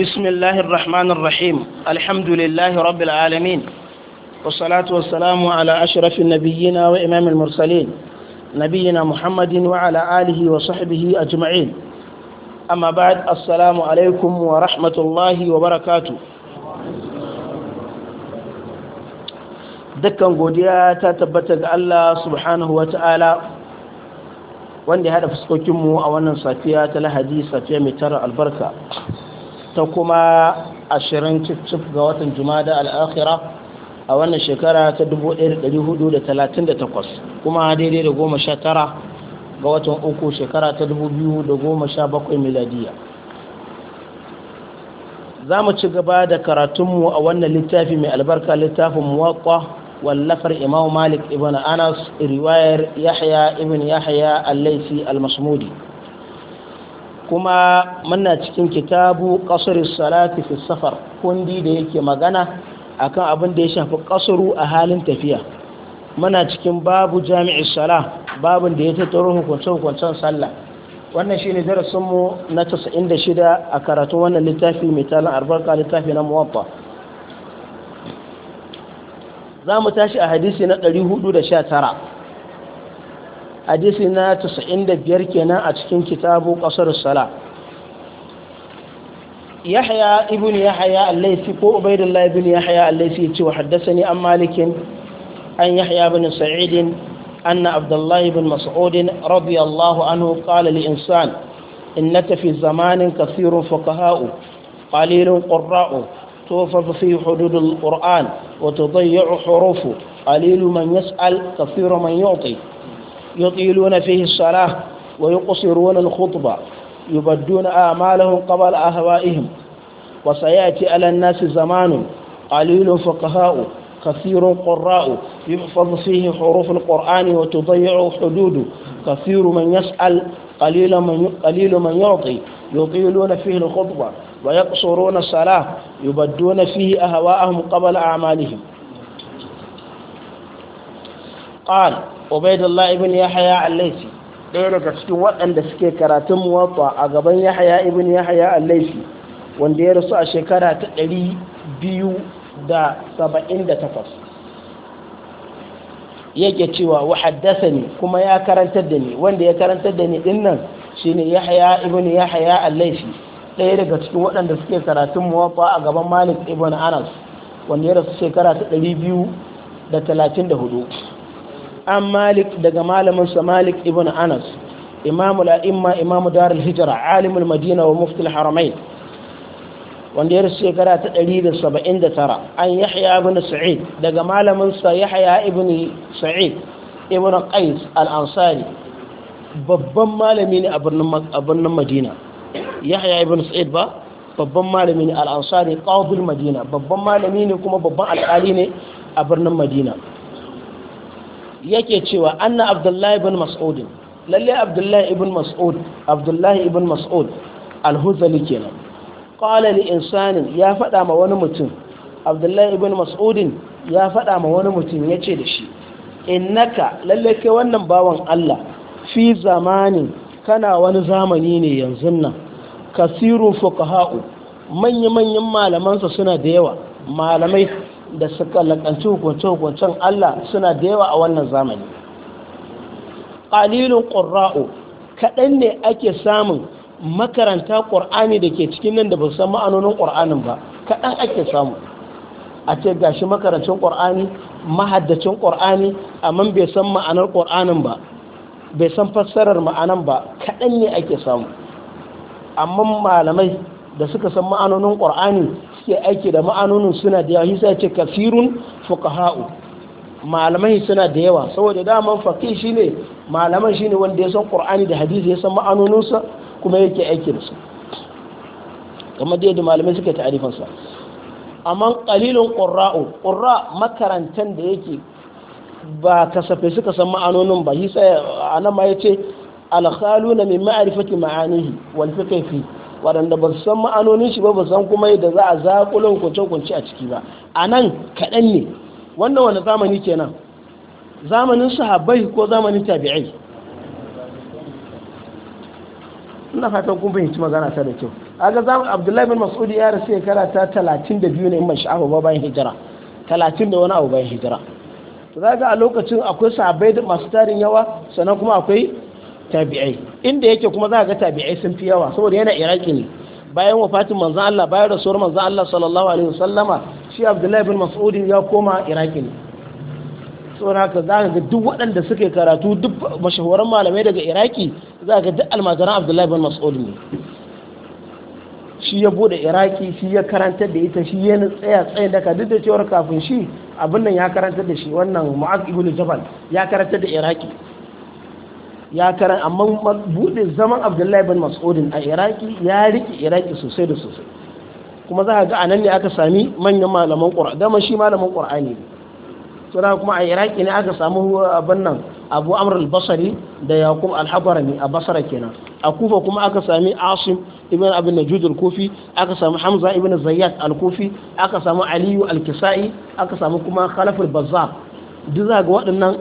بسم الله الرحمن الرحيم الحمد لله رب العالمين والصلاة والسلام على أشرف النبيين وإمام المرسلين نبينا محمد وعلى آله وصحبه أجمعين أما بعد السلام عليكم ورحمة الله وبركاته دكا قوديا تتبتد الله سبحانه وتعالى wanda ya haɗa fuskokinmu a wannan safiya ta lahadi safiya mai tara albarka ta kuma ashirin cif ga watan jumada al'akhira a wannan shekara ta 1438 kuma daidai da goma sha tara ga watan uku shekara ta 2017 miladiya za mu ci gaba da karatunmu a wannan littafi mai albarka littafin muwaƙwa wallafar imam malik ibn anas riwayar yahya ibn yahya al-laisi al-masmudi al laifi al masmudi kuma muna cikin kitabu kasar salati fi safar kundi da yake magana akan abin da ya shafi kasuru a halin tafiya muna cikin babu jami'i sala babin da ya tattaro hukunce-hukuncen sallah wannan shine darasin mu na 96 a karatun wannan littafi mai talan albarka littafi na muwatta za mu tashi a hadisi na 419 hadisi na 95 kenan a cikin kitabu qasar sala yahya ibn yahya al-laythi ko ubaydullah ibn yahya al-laythi yace wa haddathani an malikin an yahya ibn sa'id أن عبد الله بن مسعود رضي الله عنه قال لإنسان إنك في زمان كثير فقهاء قليل قراء توفظ في حدود القرآن وتضيع حروفه قليل من يسأل كثير من يعطي يطيلون فيه الصلاة ويقصرون الخطبة يبدون أعمالهم قبل أهوائهم وسيأتي على الناس زمان قليل فقهاء كثير قراء يحفظ فيه حروف القرآن وتضيع حدوده كثير من يسأل قليل من, قليل من يعطي يطيلون فيه الخطبة ويقصرون الصلاة يبدون فيه أهواءهم قبل أعمالهم قال ubaidullah ibn yahya al-laisi ɗaya daga cikin waɗanda suke karatun muwatta a gaban yahya ibn yahya al-laisi wanda ya rasu a shekara ta ɗari yake cewa wa haddasa ne kuma ya karantar da ni wanda ya karantar da ni dinnan, shine yahya ibn yahya al-laisi ɗaya daga cikin waɗanda suke karatun muwatta a gaban malik ibn anas wanda ya rasu shekara ta ɗari biyu da talatin da hudu an malik daga malamin sa malik ibn anas imamu la'imma imamu darul hijira alimul madina wa muftul haramain wanda ya rasu shekara ta 179 an yahya ibn sa'id daga malamin sa yahya ibn sa'id ibn qais al-ansari babban malami ne a birnin madina yahya ibn sa'id ba babban malami ne al-ansari qawbul madina babban malami ne kuma babban alƙali ne a birnin madina yake cewa anna abdullahi ibn mas'ud lalle abdullahi ibn mas'ud abdullahi ibn mas'ud al-huzali kenan qala li insanin ya fada ma wani mutum abdullahi ibn mas'ud ya fada ma wani mutum yace da shi innaka lalle kai wannan bawan Allah fi zamani, kana wani zamani ne yanzu nan kasirun fuqaha'u manya-manyan malamansa suna da yawa malamai da suka lakanci hukunce-hukuncen Allah suna da yawa a wannan zamani qalilun qurra'u kaɗan ne ake samun makaranta ƙur'ani da ke cikin nan da ba san ma'anonin ƙur'anin ba kaɗan ake samu a ce gashi makarancin ƙur'ani mahaddacin ƙur'ani amma bai san ma'anar ƙur'anin ba bai san fassarar ma'anan ba kaɗan ne ake samu amma malamai da suka san ma'anonin ƙur'ani suke aiki da ma'anonin suna da yawa sai ce kafirun fuqaha'u malamai suna da yawa saboda daman faqih shine malaman shine wanda ya san qur'ani da hadisi ya san ma'anonin sa kuma yake aiki da su kamar da malamai suke ta'arifin sa amma qalilun qurra'u qurra makarantan da yake ba kasafai suka san ma'anonin ba sai anan ma yace al-khaluna min ma'rifati ma'anihi wal fiqhi waɗanda ba su san ma'anonin shi ba ba san kuma yadda za a zaƙulan kwance-kwance a ciki ba a nan kaɗan ne wannan wani zamani kenan zamanin sahabbai ko zamanin tabi'ai ina fatan kun fahimci magana ta da kyau aga zam abdullahi bin mas'udi ya rasu ya karata talatin da biyu ne in ban abu ba bayan hijira talatin da wani abu bayan hijira to za ga a lokacin akwai sahabbai masu tarin yawa sannan kuma akwai tabi'ai inda yake kuma za ga tabi'ai sun fi yawa saboda yana iraki ne bayan wafatin manzan Allah bayan rasuwar manzan Allah sallallahu alaihi wasallama shi Abdullahi bin mas'udi ya koma iraki ne saboda haka za ka ga duk waɗanda suke karatu duk mashahuran malamai daga iraki za ga duk almajiran Abdullahi bin mas'udi ne shi ya bude iraki shi ya karanta da ita shi ya tsaya tsayin daka duk da cewar kafin shi abin nan ya karantar da shi wannan mu'az ibn jabal ya karantar da iraki ya karan amma bude zaman abdullahi bin mas'udin a iraki ya riki iraki sosai da sosai kuma za a ga anan ne aka sami manyan malaman ƙura dama shi malaman ƙur'ani ne to da kuma a iraki ne aka samu uh, abin nan abu amr al basri da yaqub al habrani a basra kenan a kufa kuma aka sami asim ibn abin najud al-kufi aka sami hamza ibn zayyad al-kufi aka sami aliyu al-kisai aka sami kuma khalaf al-bazzar duk za ga waɗannan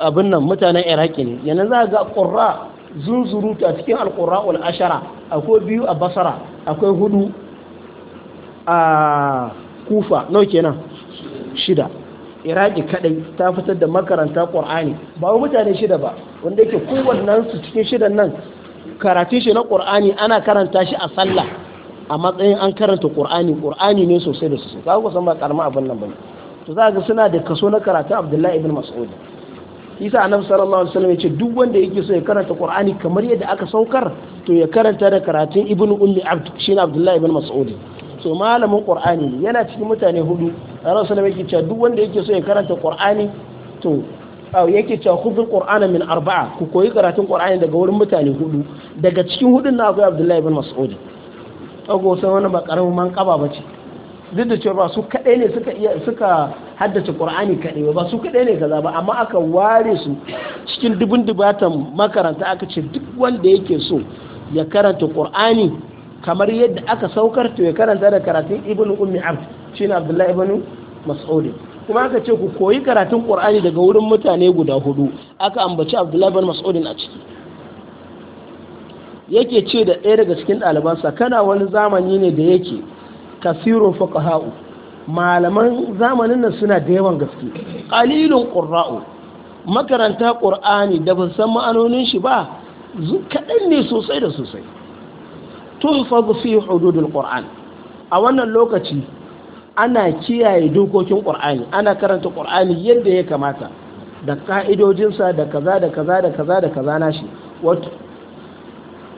abin nan mutanen iraki ne yana za a ga ƙura, zunzuru, a cikin alƙura wal ashara akwai biyu a basara akwai hudu a kufa nau kenan shida iraki kadai ta fitar da makaranta ƙur'ani ba wa mutane shida ba wanda yake nan su cikin shidan nan karatun shi na ƙur'ani ana karanta shi a sallah a matsayin an karanta ƙur'ani ƙur'ani ne sosai da sosai za ku san ba karama abin nan ba ne to za ga suna da kaso na karatun abdullahi ibn mas'ud isa Allah sallallahu alaihi ya ce duk wanda yake so ya karanta qur'ani kamar yadda aka saukar to ya karanta da karatun ibn ummi abd ne abdullahi ibn mas'ud so malamin qur'ani yana cikin mutane hudu Allah sallallahu yake cewa duk wanda yake so ya karanta qur'ani to yake cewa khudhul qur'ana min arba'a ku koyi karatun qur'ani daga wurin mutane hudu daga cikin hudun na akwai abdullahi ibn mas'ud ago sai wannan ba karamin man kaba bace duk da cewa su kaɗai ne suka iya suka haddace qur'ani kaɗai ba su kaɗai ne kaza ba amma aka ware su cikin dubun dubatan makaranta aka ce duk wanda yake so ya karanta qur'ani kamar yadda aka saukar to ya karanta da karatun ibnu ummi abd ne abdullahi ibn mas'ud kuma aka ce ku koyi karatun qur'ani daga wurin mutane guda hudu aka ambaci abdullahi ibn mas'ud a ciki yake ce da ɗaya daga cikin ɗalibansa kana wani zamani ne da yake Kasiru fuqaha'u malaman zamanin nan suna da yawan gaske qalilun qurra'u makaranta qur'ani da ban san ma'anonin shi ba kadan ne sosai da sosai tuhfazu fi hududul qur'an a wannan lokaci ana kiyaye dokokin qur'ani ana karanta qur'ani yadda ya kamata da ka'idojinsa da kaza da kaza da kaza da kaza nashi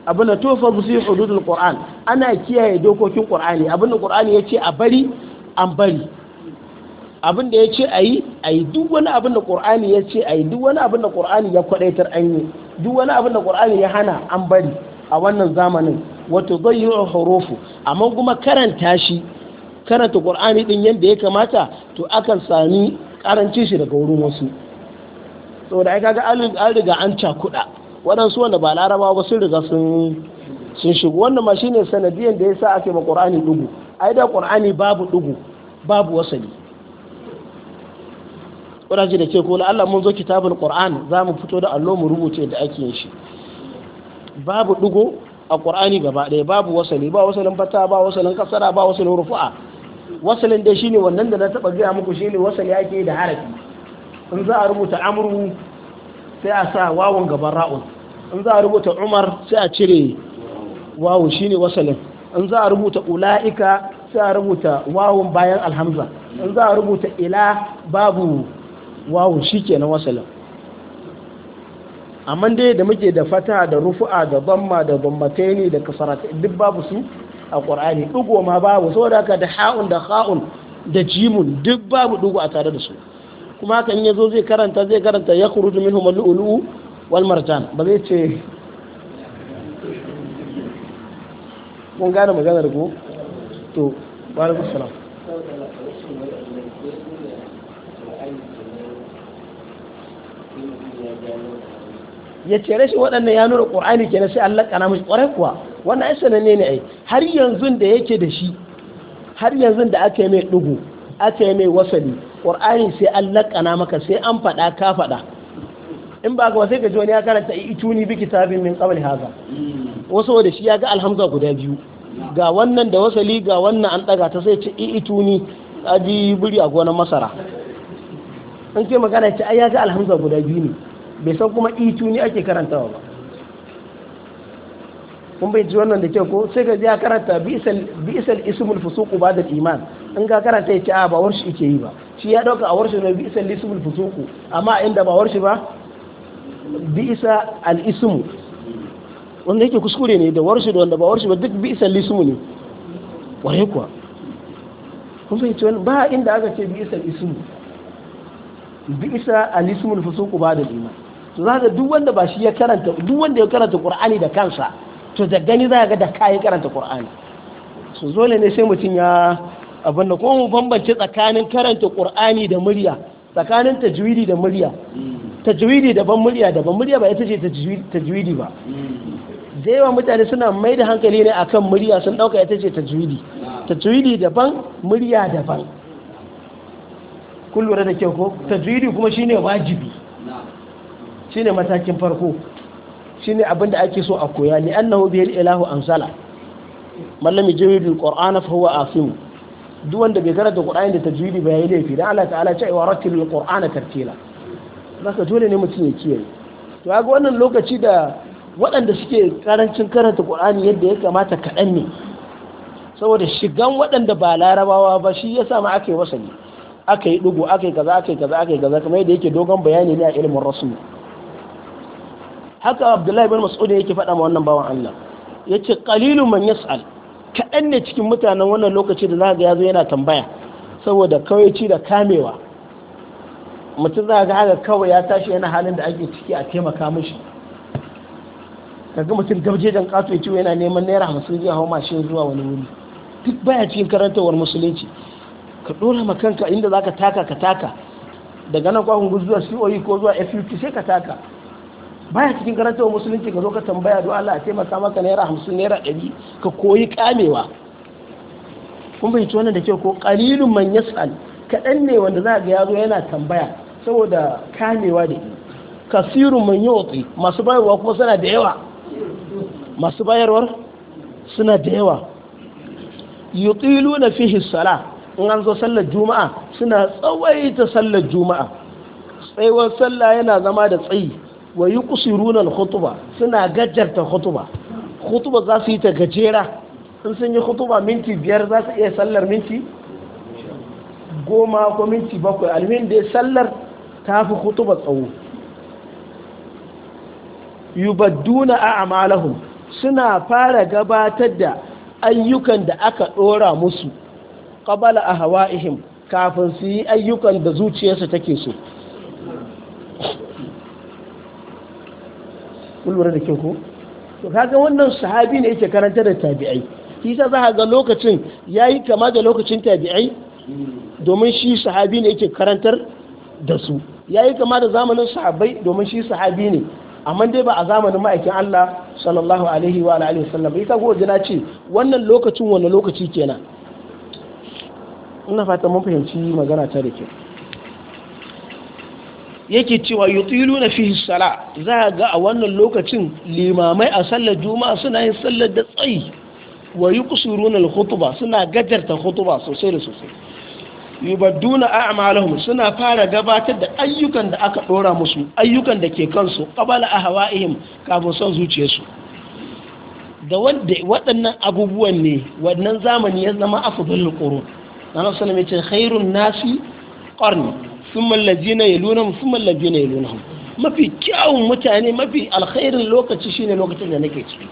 abin da tofa musu hududul qur'an ana kiyaye dokokin qur'ani abin da qur'ani ya ce a bari an bari abin da ya ce a yi a yi duk wani abin da qur'ani ya ce a yi duk wani abin da qur'ani ya kwadaitar an yi duk wani abin da qur'ani ya hana an bari a wannan zamanin wato zayyu hurufu amma kuma karanta shi karanta qur'ani din yanda ya kamata to akan sami karancin shi daga wurin wasu saboda ai kaga an riga an kuɗa. waɗansu wanda ba Laraba ba sun riga sun sun shigo wannan ma shine sanadiyan da yasa ake ma qur'ani dugu ai da qur'ani babu dugu babu wasali ƙuraji da ke kula Allah mun zo kitabul qur'an za mu fito da allo mu rubuce da ake yin shi babu dugo a qur'ani gaba ɗaya babu wasali ba wasalin fata ba wasalin kasara ba wasalin rufu'a wasalin dai shine wannan da na taba gaya muku shine wasali ake da harafi in za a rubuta amru sai a sa wawan gaban ra'un in za a rubuta umar sai a cire wawu shine wasalin in za a rubuta ula'ika sai a rubuta wawun bayan alhamza in za a rubuta ila babu wawun na wasalin amma dai da muke da fata da rufu'a da bamma da zammataini da kasarata duk babu su a ƙwar'ani ɗugo ma babu da haka da ha'un da ha'un da jimun duk babu ɗugo a tare da su kuma hakan ya zo zai karanta zai karanta ya kurutu min humallu'ulu'u walmartan ba zai ce mun gane maganar ku to wa salam ya ce rashin waɗannan ya nuna ƙorani ke na sai Allah kana mashi ƙwarai kuwa wannan ya sananne ne ai har yanzu da yake da shi har yanzu da aka yi mai ɗugu aka yi mai wasali ƙorani sai Allah kana maka sai an faɗa ka faɗa in ba ka sai ka ji wani ya karanta ituni bi kitabin min qabl haza wasu da shi ya ga alhamza guda biyu ga wannan da wasali ga wannan an daga ta sai ce ituni aji buri a gonar masara an ce magana ce ai ya ga alhamza guda biyu ne bai san kuma ituni ake karantawa ba kun bai ji wannan da kyau ko sai ka ji ya karanta bi isal ismul fusuku ba da iman in ka karanta ya ce a ba warshi ke yi ba shi ya dauka a warshi ne bi isal ismul fusuku amma inda ba warshi ba bi'isa al wanda yake kuskure ne da warshi da wanda ba warshi ba duk bisa al ne ware kuwa kun fahimci wani ba inda aka ce bisa al bisa bi'isa da faso ku ba da iman to ga duk wanda ba shi ya karanta duk wanda ya karanta qur'ani da kansa to da gani za ga da kayi karanta qur'ani so dole ne sai mutum ya abin da kuma mu bambance tsakanin karanta qur'ani da murya tsakanin tajwidi da murya tajwidi daban murya daban murya ba ita ce tajwidi ba da yawa mutane suna mai da hankali ne akan murya sun dauka ita ce tajwidi tajwidi daban murya daban kullum da kyau ko tajwidi kuma shine wajibi shine matakin farko shine abin da ake so a koya ni annahu bihi ilahu amsala mallami jawidul qur'ana fa huwa asimu duk wanda bai karanta qur'ani da tajwidi ba yayi laifi dan Allah ta'ala ce wa rattilil qur'ana tartila zaka dole ne mutum ya kiyaye to ga wannan lokaci da waɗanda suke karancin karanta qur'ani yadda ya kamata kaɗan ne saboda shigan waɗanda ba larabawa ba shi yasa ma ake yi wasani aka yi ɗugu aka yi kaza aka yi kaza aka yi kaza kamar yadda yake dogon bayani ne a ilimin rasul haka abdullahi bin mas'ud yake faɗa ma wannan bawan Allah yace qalilun man yas'al kaɗan ne cikin mutanen wannan lokaci da za ga ya zo yana tambaya saboda kawaici da kamewa mutum za ga haka kawai ya tashi yana halin da ake ciki a taimaka mishi kaga mutum dan kato ya yana neman naira hamsin zai hau mashin zuwa wani wuri duk baya cikin karantarwar musulunci ka dora ma kanka inda zaka taka ka taka daga nan kwakwan zuwa coe ko zuwa fut sai ka taka baya cikin karantawa musulunci ka zo ka tambaya don Allah a taimaka maka naira hamsin naira ɗari ka koyi kamewa kun bai wannan da kyau ko kalilun man yas'al kaɗan ne wanda za ga yazo yana tambaya saboda kamewa da yi kasirun man yotsi masu bayarwa kuma suna da yawa masu bayarwar suna da yawa yutilu na fihi sala in an zo sallar juma'a suna tsawaita sallar juma'a tsayuwar sallah yana zama da tsayi wa yi kusurunan hutuba suna gajarta hutuba hutuba za su yi ta gajera in sun yi hutuba minti biyar za su iya sallar minti goma ko minti bakwai almin da sallar ta fi hutuba tsawo yubadduna a amalahum suna fara gabatar da ayyukan da aka ɗora musu ƙabala a hawa'ihim kafin su yi ayyukan da zuciyarsu take so kulwar da kyau ko to kaga wannan sahabi ne yake karanta da tabi'ai shi sa za ga lokacin yayi kama da lokacin tabi'ai domin shi sahabi ne yake karantar da su yayi kama da zamanin sahabbai domin shi sahabi ne amma dai ba a zamanin ma'aikin Allah sallallahu alaihi wa alihi wasallam ita ko jina ce wannan lokacin wannan lokaci kenan ina fata mun fahimci magana ta da kyau yake cewa yutilu na fi sala za ga a wannan lokacin limamai a sallar juma'a suna yin sallar da tsayi wa yuqsiruna al-khutba suna gajarta hutuba sosai da sosai yubadduna a'malahum suna fara gabatar da ayyukan da aka dora musu ayyukan da ke kansu a ahwa'ihim kafin son zuciyarsu da wanda waɗannan abubuwan ne wannan zamani ya zama afdalul qurun annabi sallallahu alaihi wasallam ya khairun nasi qarni summan lazina ya lunahum summan lazina ya lunahum mafi kyawun mutane mafi alkhairin lokaci shine lokacin da nake ciki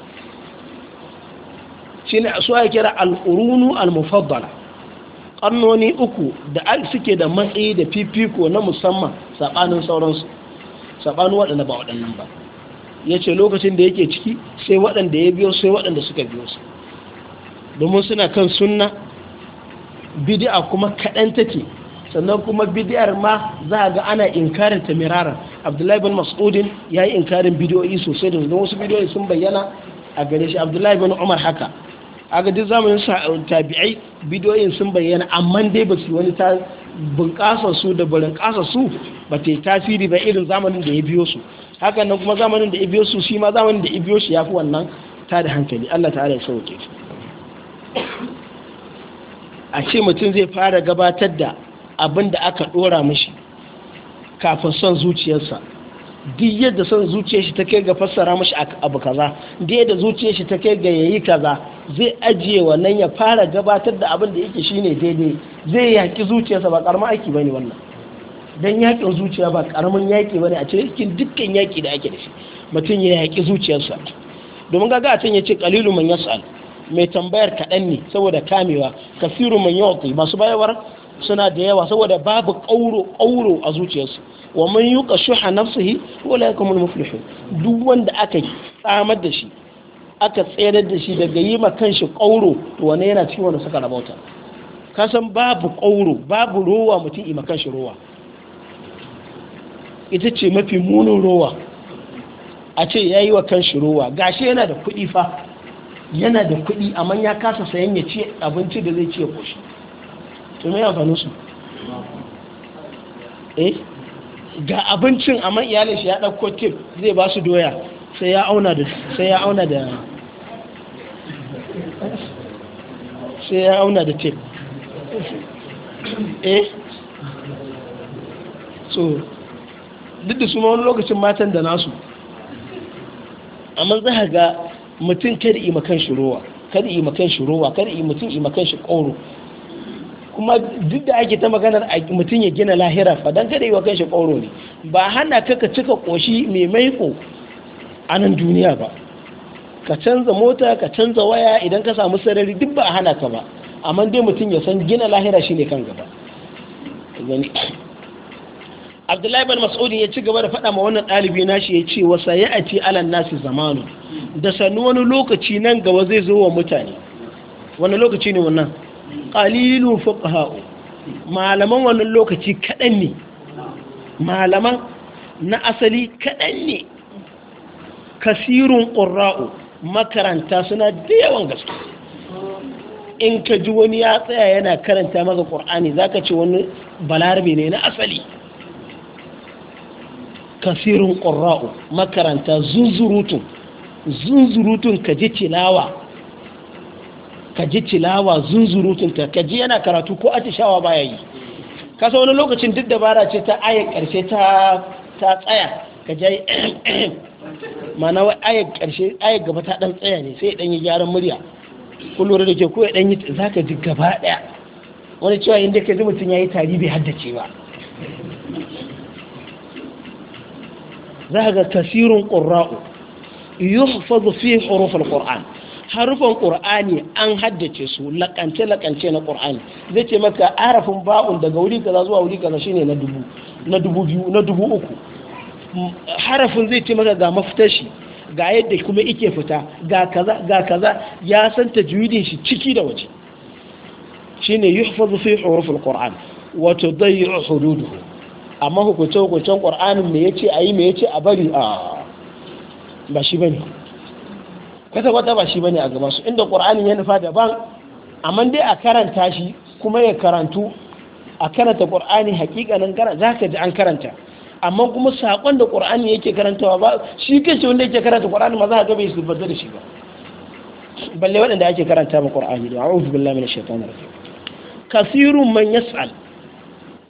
ne a suwa kira al'urunu al mufabbala ƙarnoni uku da suke da matsayi da fifiko na musamman saɓanin sauransu saɓanin waɗanda ba waɗannan ba ya ce lokacin da yake ciki sai waɗanda ya biyo sai waɗanda suka biyo su domin suna kan sunna bidi'a kuma kaɗan take sannan kuma bidiyar ma za a ga ana inkarin ta mirara. abdullahi bin mas'udin ya yi inkarin bidiyoyi sosai da zuwa wasu bidiyoyi sun bayyana a gare shi abdullahi bin umar haka a ga duk zamanin eh, tabi'ai bidiyoyin sun bayyana amma dai ba su wani ta bunƙasa su da barin su ba ta yi tasiri ba irin zamanin da ya biyo su hakan nan kuma zamanin da ya biyo su shi ma zamanin da ya biyo shi ya fi wannan ta da hankali allah ta ta'ala ya sauke a ce mutum zai fara gabatar da abin da aka ɗora mashi kafin son zuciyarsa duk yadda son zuciyar shi ta kai ga fassara mashi abu kaza duk yadda zuciyar shi ta kai ga yayi kaza zai ajiye wannan ya fara gabatar da abin da yake shine daidai zai yaki zuciyarsa ba karamin aiki bane wannan dan yakin zuciya ba karamin yaki bane a cikin dukkan yaki da ake da shi mutum ya yaki zuciyarsa domin ga a can ya ce kalilu man yas'al mai tambayar kaɗan ne saboda kamewa kasiru man yawti masu bayawar suna da yawa saboda babu ƙauro ƙauro a zuciyarsu wa man yuka shuha nafsihi ulaikum al-muflihun duk wanda aka tsamar da shi aka tsayar da shi daga yi ma kanshi ƙauro to wane yana cikin wanda suka rabauta kasan babu ƙauro babu rowa mutum ima kanshi rowa ita ce mafi munin rowa a ce ya yi wa kanshi rowa gashi yana da kuɗi fa yana da kuɗi amma ya kasa sayan ya ci abinci da zai ci ya koshi to su eh ga abincin amma iyalin shi ya ɗauko tip zai ba su doya sai ya auna da sai ya auna da sai ya auna da tip eh so duk da su ma wani lokacin matan da nasu amma za ga mutum kada yi makan shi rowa kada yi makan shi rowa kada yi mutum yi makan shi ƙoro kuma duk da ake ta maganar mutum ya gina lahira fa dan kada yi wa kanshi ƙoro ne ba hana ka ka cika ƙoshi mai maiko a nan duniya ba ka canza mota ka canza waya idan ka samu sarari duk ba a hana ka ba amma dai mutum ya san gina lahira shi ne kan gaba abdullahi bin mas'udin ya ci gaba da faɗa ma wannan ɗalibi shi ya ce wasa ya ati alan nasi zamanu da sannu wani lokaci nan gaba zai zo wa mutane wani lokaci ne wannan ƙalilu ha'u, malaman wannan lokaci kadan ne malaman na asali kadan ne kasirun qurra'u makaranta suna da yawan gaske in ka ji wani ya tsaya yana karanta maka qur'ani zaka ce wani balarabe ne na asali kasirun qurra'u makaranta zunzurutun zunzurutun ka ji tilawa ka ji tilawa zunzurutunta ka ji yana karatu ko atishawa baya yi kasa wani lokacin duk dabara ce ta ayyar karshe ta tsaya ka ji mana wa ayyar karshe ayyar gaba ta dan tsaya ne sai dan yi gyaran murya kun da ke ko ya dan yi ka ji gaba daya wani cewa inda ka ji mutum yayi tari bai haddace ba za ga kasirun ƙura'u. yuhfazu fi huruf al harufan qur'ani an haddace su lakance lakance na qur'ani zai ce maka arafin ba'un daga wuri kaza zuwa wuri kaza shine na dubu na dubu biyu na dubu uku harafin zai ce maka ga mafitar shi ga yadda kuma ike fita ga kaza ga kaza ya san tajwidin shi ciki da waje shine yuhfazu fi hurufil qur'an wa tudayyu hududuhu amma hukunce hukuncen qur'anin me yace ayi me yace a bari a ba shi bane kwata kwata ba shi bane a gaban su inda qur'ani ya nufa daban amma dai a karanta shi kuma ya karantu a karanta qur'ani hakikanin karanta zaka ji an karanta amma kuma sakon da qur'ani yake karantawa ba shi kace wanda yake karanta qur'ani ma za ka ga bai sifanta da shi ba balle waɗanda ake karanta ma qur'ani da a'udhu billahi minash shaitanir rajim kasirun man yas'al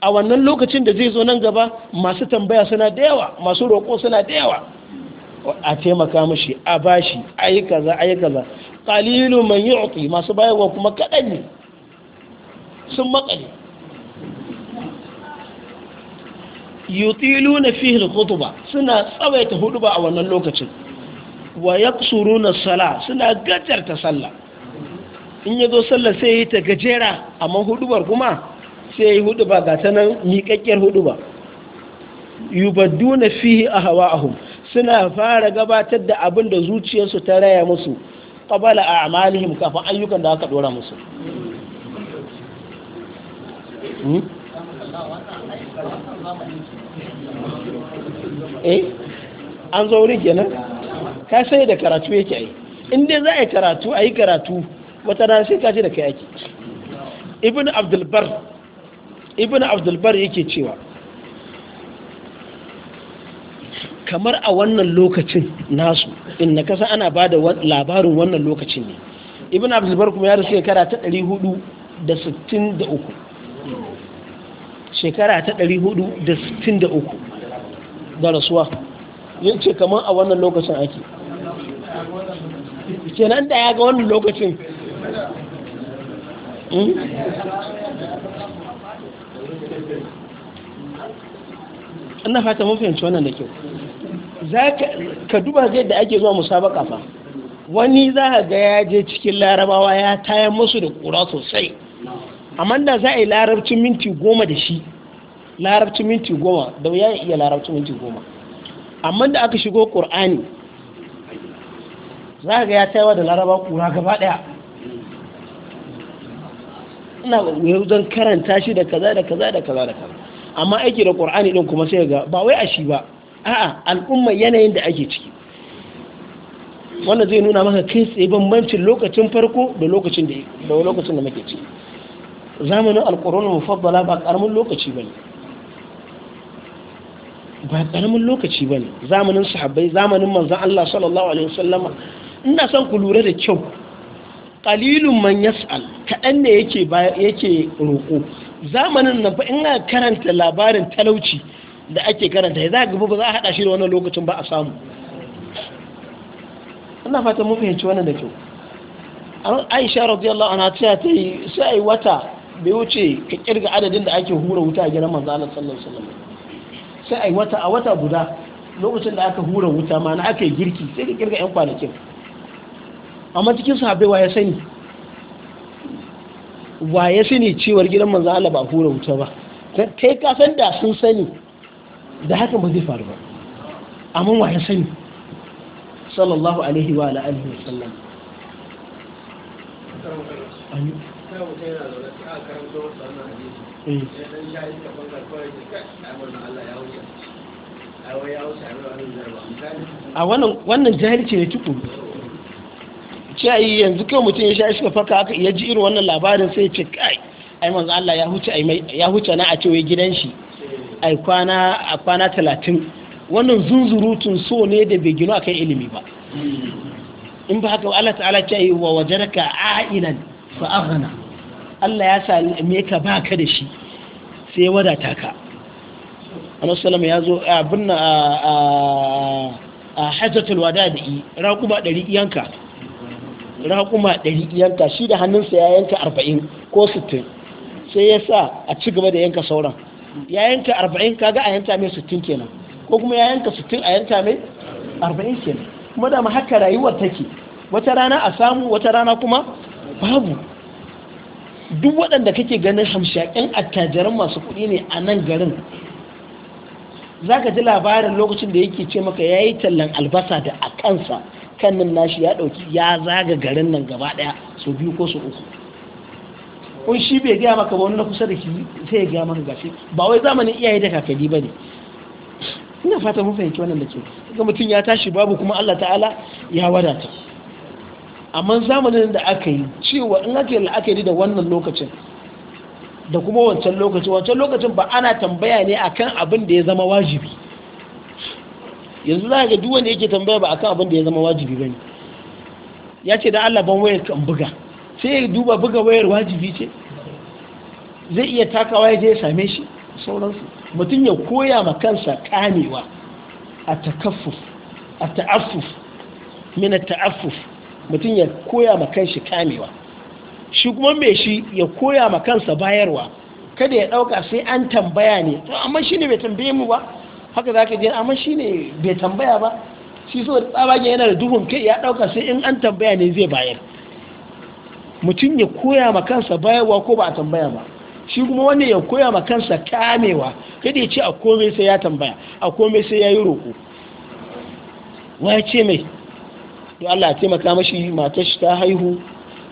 a wannan lokacin da zai zo nan gaba masu tambaya suna da yawa masu roƙo suna da yawa a taimaka mashi a bashi ayi kaza ayi kaza qalilu man yu'ti masu bayarwa kuma kadan ne sun makale yutiluna fihi al-khutba suna tsawaita huduba a wannan lokacin wa yaqsuruna sala suna gajarta sallah in yazo sallah sai yi ta gajera amma hudubar kuma sai yi huduba ga ta nan miƙaƙƙiyar huduba yubadduna fihi ahwa'ahum suna fara gabatar da abin da zuciyarsu ta raya musu a a'malihim kafin ayyukan da aka ɗora musu hmm? eh an zo wurin kenan ka sai da karatu yake ai in dai za a yi karatu a yi karatu wata rana sai ka ce da kai ake ibn abdulbar ibn abdulbar yake cewa kamar a wannan lokacin nasu in na kasa ana ba da labarin wannan lokacin ne ibn abdulbar kuma ya rasu shekara ta 463 shekara ta 463 da rasuwa yin ce kamar a wannan lokacin ake kenan da ya ga wannan lokacin hmm? ina fata mun fahimci wannan da kyau ka duba zai da ake zuwa musabaka fa wani za ka ga ya je cikin larabawa ya tayar musu da kura sosai amma da za a yi larabcin minti goma da shi larabcin minti goma da ya iya larabcin minti goma amma da aka shigo ƙur'ani za ga ya taiwa da laraba kura gaba ɗaya ina don karanta shi da kaza da kaza da kaza da kaza amma aiki da qur'ani ɗin kuma sai ga ba wai a shi ba a'a al'umma yanayin da ake ciki wannan zai nuna maka kai tsaye bambancin lokacin farko da lokacin da yi lokacin da muke ciki zamanin mu mufaddala ba ƙaramin lokaci bane ba ƙaramin lokaci bane zamanin sahabbai zamanin manzon Allah sallallahu alaihi wasallama ina son ku lura da kyau qalilun man yas'al kadan ne yake yake roƙo zamanin nan in ina karanta labarin talauci da ake karanta ya za ba za a haɗa shi da wannan lokacin ba a samu ina fata mun fahimci wannan da kyau aisha radiyallahu anha ta ta yi sai wata bai wuce ka kirga adadin da ake hura wuta a gidan manzo Allah sallallahu alaihi wasallam sai ai wata a wata guda lokacin da aka hura wuta ma na aka yi girki sai ka kirga yan kwanakin amma cikin sahabbai wa ya sani wa ya sani cewar gidan manzo Allah ba hura wuta ba kai ka san da sun sani da haka ba zai faru ba amma wa ya sani sallallahu alaihi wa alihi wa sallam eh. a wannan jahilci ne tukuru ce yanzu kai mutum ya sha iska faka haka ya ji irin wannan labarin sai ce kai ai manzo Allah ya huce ya huce na a ce wai gidan shi ai kwana a kwana 30 wannan zunzurutun so ne da bai gino akan ilimi ba in ba haka Allah ta'ala ce ai wa wajaraka a'ilan fa aghna Allah ya me ka baka da shi sai ya wadata ka Allah sallama ya zo abin a hajjatul wada da yi raquba 100 yanka raƙuma ɗari yanka shi da hannunsa ya yanka arba'in ko sittin sai ya sa a ci gaba da yanka sauran ya yanka arba'in kaga a yanka mai sittin kenan ko kuma ya yanka sittin a yanka mai arba'in kenan kuma da haka rayuwar take wata rana a samu wata rana kuma babu duk waɗanda kake ganin hamshaƙin attajiran masu kuɗi ne a nan garin za ka ji labarin lokacin da yake ce maka ya yi tallan albasa da a kansa Kannin nashi ya ɗauki ya zaga garin nan gaba daya su biyu ko su uku kun shi bai gaya maka ba wani na kusa da shi sai ya gaya maka gashi ba wai zamanin iyaye da kakanni ba ne ina fata mun fahimci wannan da ke ga mutum ya tashi babu kuma Allah ta'ala ya wadata amma zamanin da aka yi cewa in aka yi la'akari da wannan lokacin da kuma wancan lokacin wancan lokacin ba ana tambaya ne akan abin da ya zama wajibi yanzu za a ga duwanda yake tambaya ba akan abin da ya zama wajibi ba ne. ya ce da Allah ban wayar kan buga sai ya duba buga wayar wajibi ce zai iya takawa ya je ya same shi sauransu mutum ya koya ma kansa kamewa a takaffuf a ta'affuf mina ta'affuf mutum ya koya ma kanshi kamewa shi kuma mai shi ya koya ma kansa bayarwa kada ya ɗauka sai an tambaya ne amma shi ne bai tambaye mu ba haka za ka je amma shi ne bai tambaya ba shi so da tsabagen yana da duhun kai ya ɗauka sai in an tambaya ne zai bayar mutum ya koya ma kansa bayarwa ko ba a tambaya ba shi kuma wanda ya koya ma kansa kamewa kada ya ce a komai sai ya tambaya a komai sai ya yi roƙo ya ce mai to Allah ya taimaka mashi matar shi ta haihu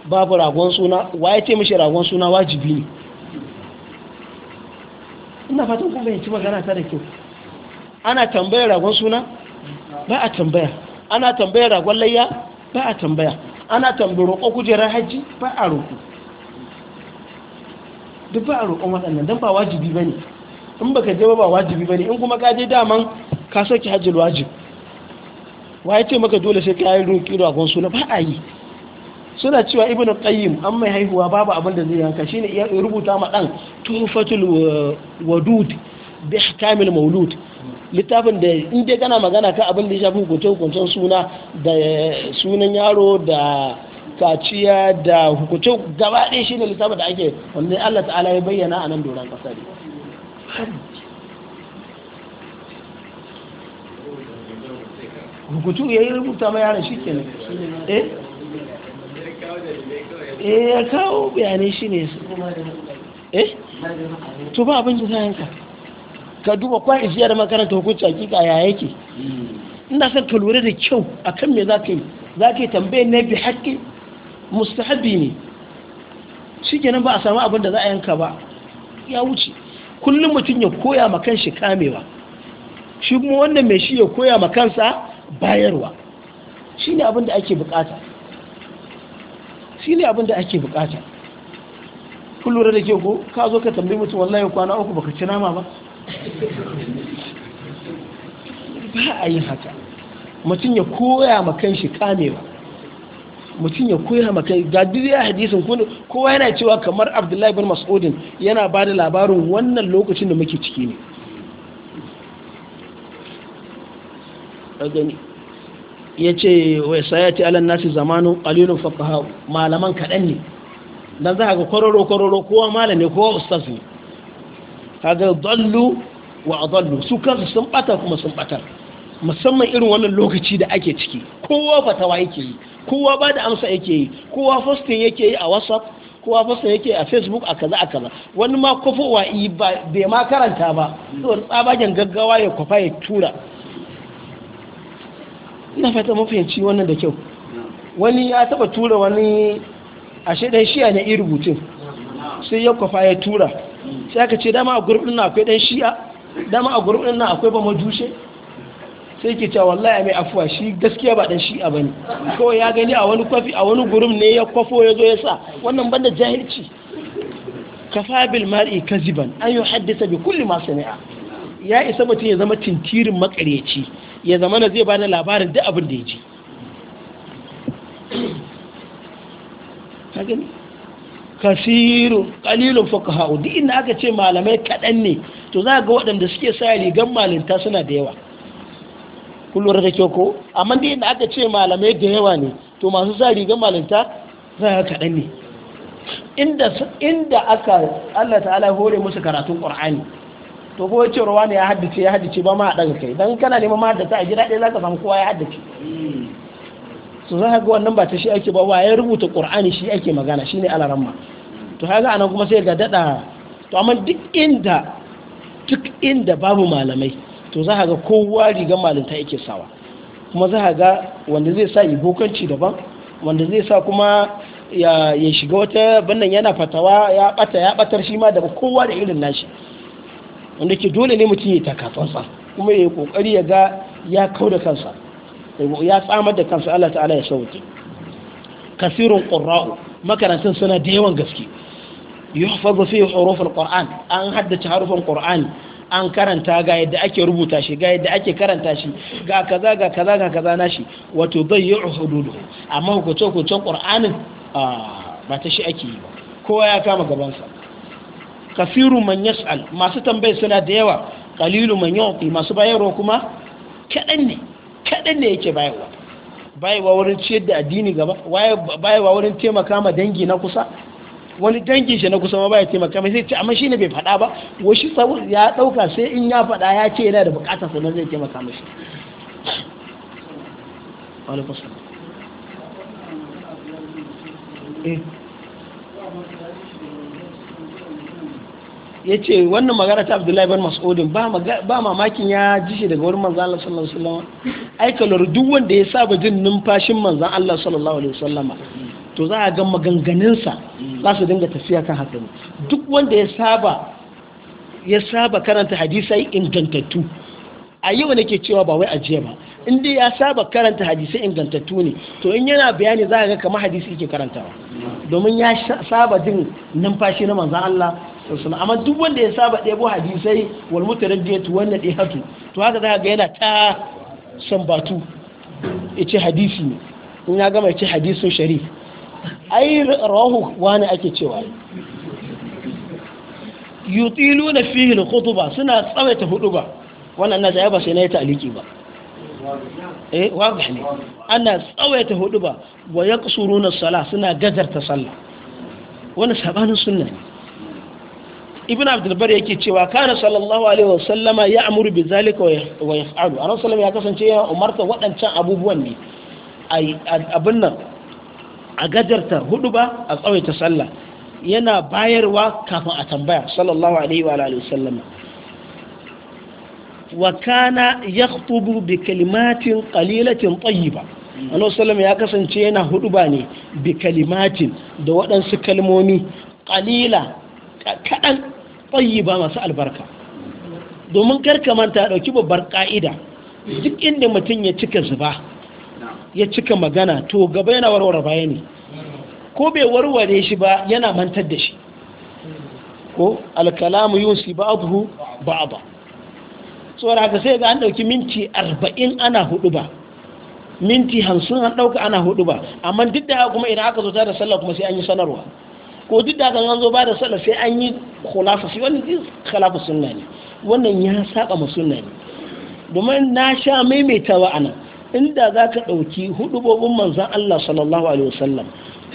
babu ragon suna waya ce mashi ragon suna wajibi ne ina fatan kuma ci magana ta da kyau ana tambayar ragon suna ba a tambaya ana tambayar ragon layya ba a tambaya ana tambayar roƙo kujerar hajji ba a roƙo duk ba a roƙon waɗannan don ba wajibi ba ne in ba ka je ba wajibi ba ne in kuma ka je daman ka soke hajjil wajib wa ya ce maka dole sai ka yi roƙi ragon suna ba a yi suna cewa ibn qayyim an mai haihuwa babu abin da zai yanka shine ya rubuta ma dan tuhfatul wadud bi hikamil maulud littafin da in dai kana magana ka abin da ya shafi hukunce hukuncen suna da sunan yaro da kaciya da hukunce gaba ɗaya ne littafin da ake wanda Allah ta'ala ya bayyana a nan doron ƙasa ne hukutu ya yi rubuta ma yaran shi kenan eh eh ya kawo bayanai shi ne eh to ba abin da za yanka ka duba kwa isiya da makaranta hukunci hakika ya yake ina son ka lura da kyau akan me za ka yi za ka yi tambaye na bi haƙƙi mustahabi ne shi kenan ba a samu abin da za a yanka ba ya wuce kullum mutum ya koya ma shi kamewa shi kuma wannan mai shi ya koya ma kansa bayarwa shi ne abin da ake bukata shi ne abin da ake bukata kullum da ke ko ka zo ka tambayi mutum wallahi kwana uku baka ci nama ba ba a yin haka mutum ya koya ma shi kamewa mutum ya koya ma kai ga duniya hadisin kun kowa yana cewa kamar Abdullahi bin Mas'udin yana ba da labarin wannan lokacin da muke ciki ne ya ce wai sayati alan nasi zamanu alilun faqaha malaman kaɗan ne dan za ga kororo kororo kowa malam ne kowa ustaz ne ga dallu wa adallu su kansu sun bata kuma sun batar musamman irin wannan lokaci da ake ciki kowa fatawa yake yi kowa ba da amsa yake yi kowa fostin yake yi a whatsapp kowa fostin yake yi a facebook a kaza a kaza wani ma kofowa yi ba bai ma karanta ba saboda tsabagen gaggawa ya kwafa ya tura ina fata mafiyanci wannan da kyau wani ya taba tura wani ashe dan shiya ne yi rubutun sai ya kwafa ya tura sai aka ce dama a gurbin na akwai dan shiya. dama a gurin nan akwai ba majushe sai ke cewa wallahi mai afuwa shi gaskiya ba dan shi a bane ko ya gani a wani kwafi a wani gurum ne ya kwafo ya zo ya sa wannan banda jahilci kafa bil mar'i kaziban an yuhaddisa bi kulli ma sami'a ya isa mutum ya zama tintirin makareci ya zama na zai bada labarin duk abin da ya ji ka gani kasiru kalilun hau duk inda aka ce malamai kaɗan ne to za ga waɗanda suke sa rigan malinta suna da yawa kullum da kyau ko amma duk inda aka ce malamai da yawa ne to masu sa rigan malinta za ga kaɗan ne inda inda aka Allah ta'ala hore musu karatun Qur'ani to ko wace ruwa ne ya haddace ya haddace ba ma a daga kai dan kana neman ma haddace a gida ɗaya zaka samu kowa ya haddace su za ga wannan ba ta shi ake ba wa ya rubuta qur'ani shi ake magana shine alaramma to haka nan kuma sai ga dada to amma duk inda duk inda babu malamai to za ka ga kowa rigar malinta yake sawa kuma za ka ga wanda zai sa ibokanci daban wanda zai sa kuma ya shiga wata bannan yana fatawa ya bata ya batar shi ma daga kowa da irin nashi wanda ke dole ne mutum ya takatsantsa kuma ya yi kokari ya ga ya kau da kansa ya tsamar da kansa Allah ta'ala ya sauke kasirun qurra'u makarantun suna da yawan gaske yuhfazu fi huruf alquran an haddace harufan qur'ani an karanta ga yadda ake rubuta shi ga yadda ake karanta shi ga kaza ga kaza ga kaza na shi wato zai bayyu hududu amma hukuce hukucen ƙur'anin ba ta shi ake yi ba kowa ya kama gabansa kafiru man yas'al masu tambayar suna da yawa qalilu man yu'ti masu bayarwa kuma kadan ne kadan ne yake bayarwa bayarwa wurin ciyar da addini gaba bayarwa wurin taimaka ma dangi na kusa wani dangin shi na kusa ma baya taimaka mai sai ce amma shi ne bai faɗa ba wasu sabon ya ɗauka sai in ya faɗa ya ce yana da bukatar sa zai taimaka mashi eh. ya ce wannan magana ta abdullahi bin mas'udin ba mamakin ya ji shi daga wurin manzan Allah sallallahu alaihi wasallam aikalar duk wanda ya saba jin numfashin manzan Allah sallallahu alaihi wasallam to za a ga maganganunsa za su dinga tafiya kan haka duk wanda ya saba ya saba karanta hadisai ingantattu a yau nake cewa ba wai ajiya ba in dai ya saba karanta hadisai ingantattu ne to in yana bayani za a ga kama hadisi yake karantawa domin ya saba jin numfashi na manzan Allah sosai amma duk wanda ya saba ɗebo hadisai wal ya wannan ɗaya hatu to haka za a ga yana ta sambatu ya ce hadisi ne in ya gama ya ce hadisin sharif ai rawahu wani ake cewa yutilu na fihil khutba suna tsawaita huduba wannan na zai ba sai na yi ta'aliki ba eh wadah ne ana tsawaita huduba wa ya yaqsuruna sala suna gajarta sallah Wani sabanin sunna ne ibn abdul bar yake cewa kana sallallahu alaihi wa ya ya'muru bi zalika wa yaf'alu annabi sallallahu ya kasance ya umarta waɗancan abubuwan ne abin nan a gajarta hudu ba a tsawaita sallah yana bayarwa kafin a tambaya sallallahu alaihi wa alihi sallama wa kana yakhutubu bi kalimatin qalilatin tayyiba annabi sallallahu ya kasance yana hudu ba ne bi kalimatin da waɗansu kalmomi qalila kadan tayyiba masu albarka domin karka manta dauki babbar ka'ida duk inda mutum ya cika zuba ya cika magana to gaba yana warware baya ne ko bai warware shi ba yana mantar da shi ko alkalamu abu ba ba so haka sai ga an dauki minti 40 ana hudu ba minti 50 an dauka ana hudu ba amma duk da kuma idan aka zo ta da sallah kuma sai an yi sanarwa ko duk da kan an zo ba da sallah sai an yi khulafa wani wannan din khulafa sunna ne wannan ya saba ma sunna ne domin na sha maimaitawa anan inda za ka ɗauki bobin manzan Allah sallallahu alaihi wasallam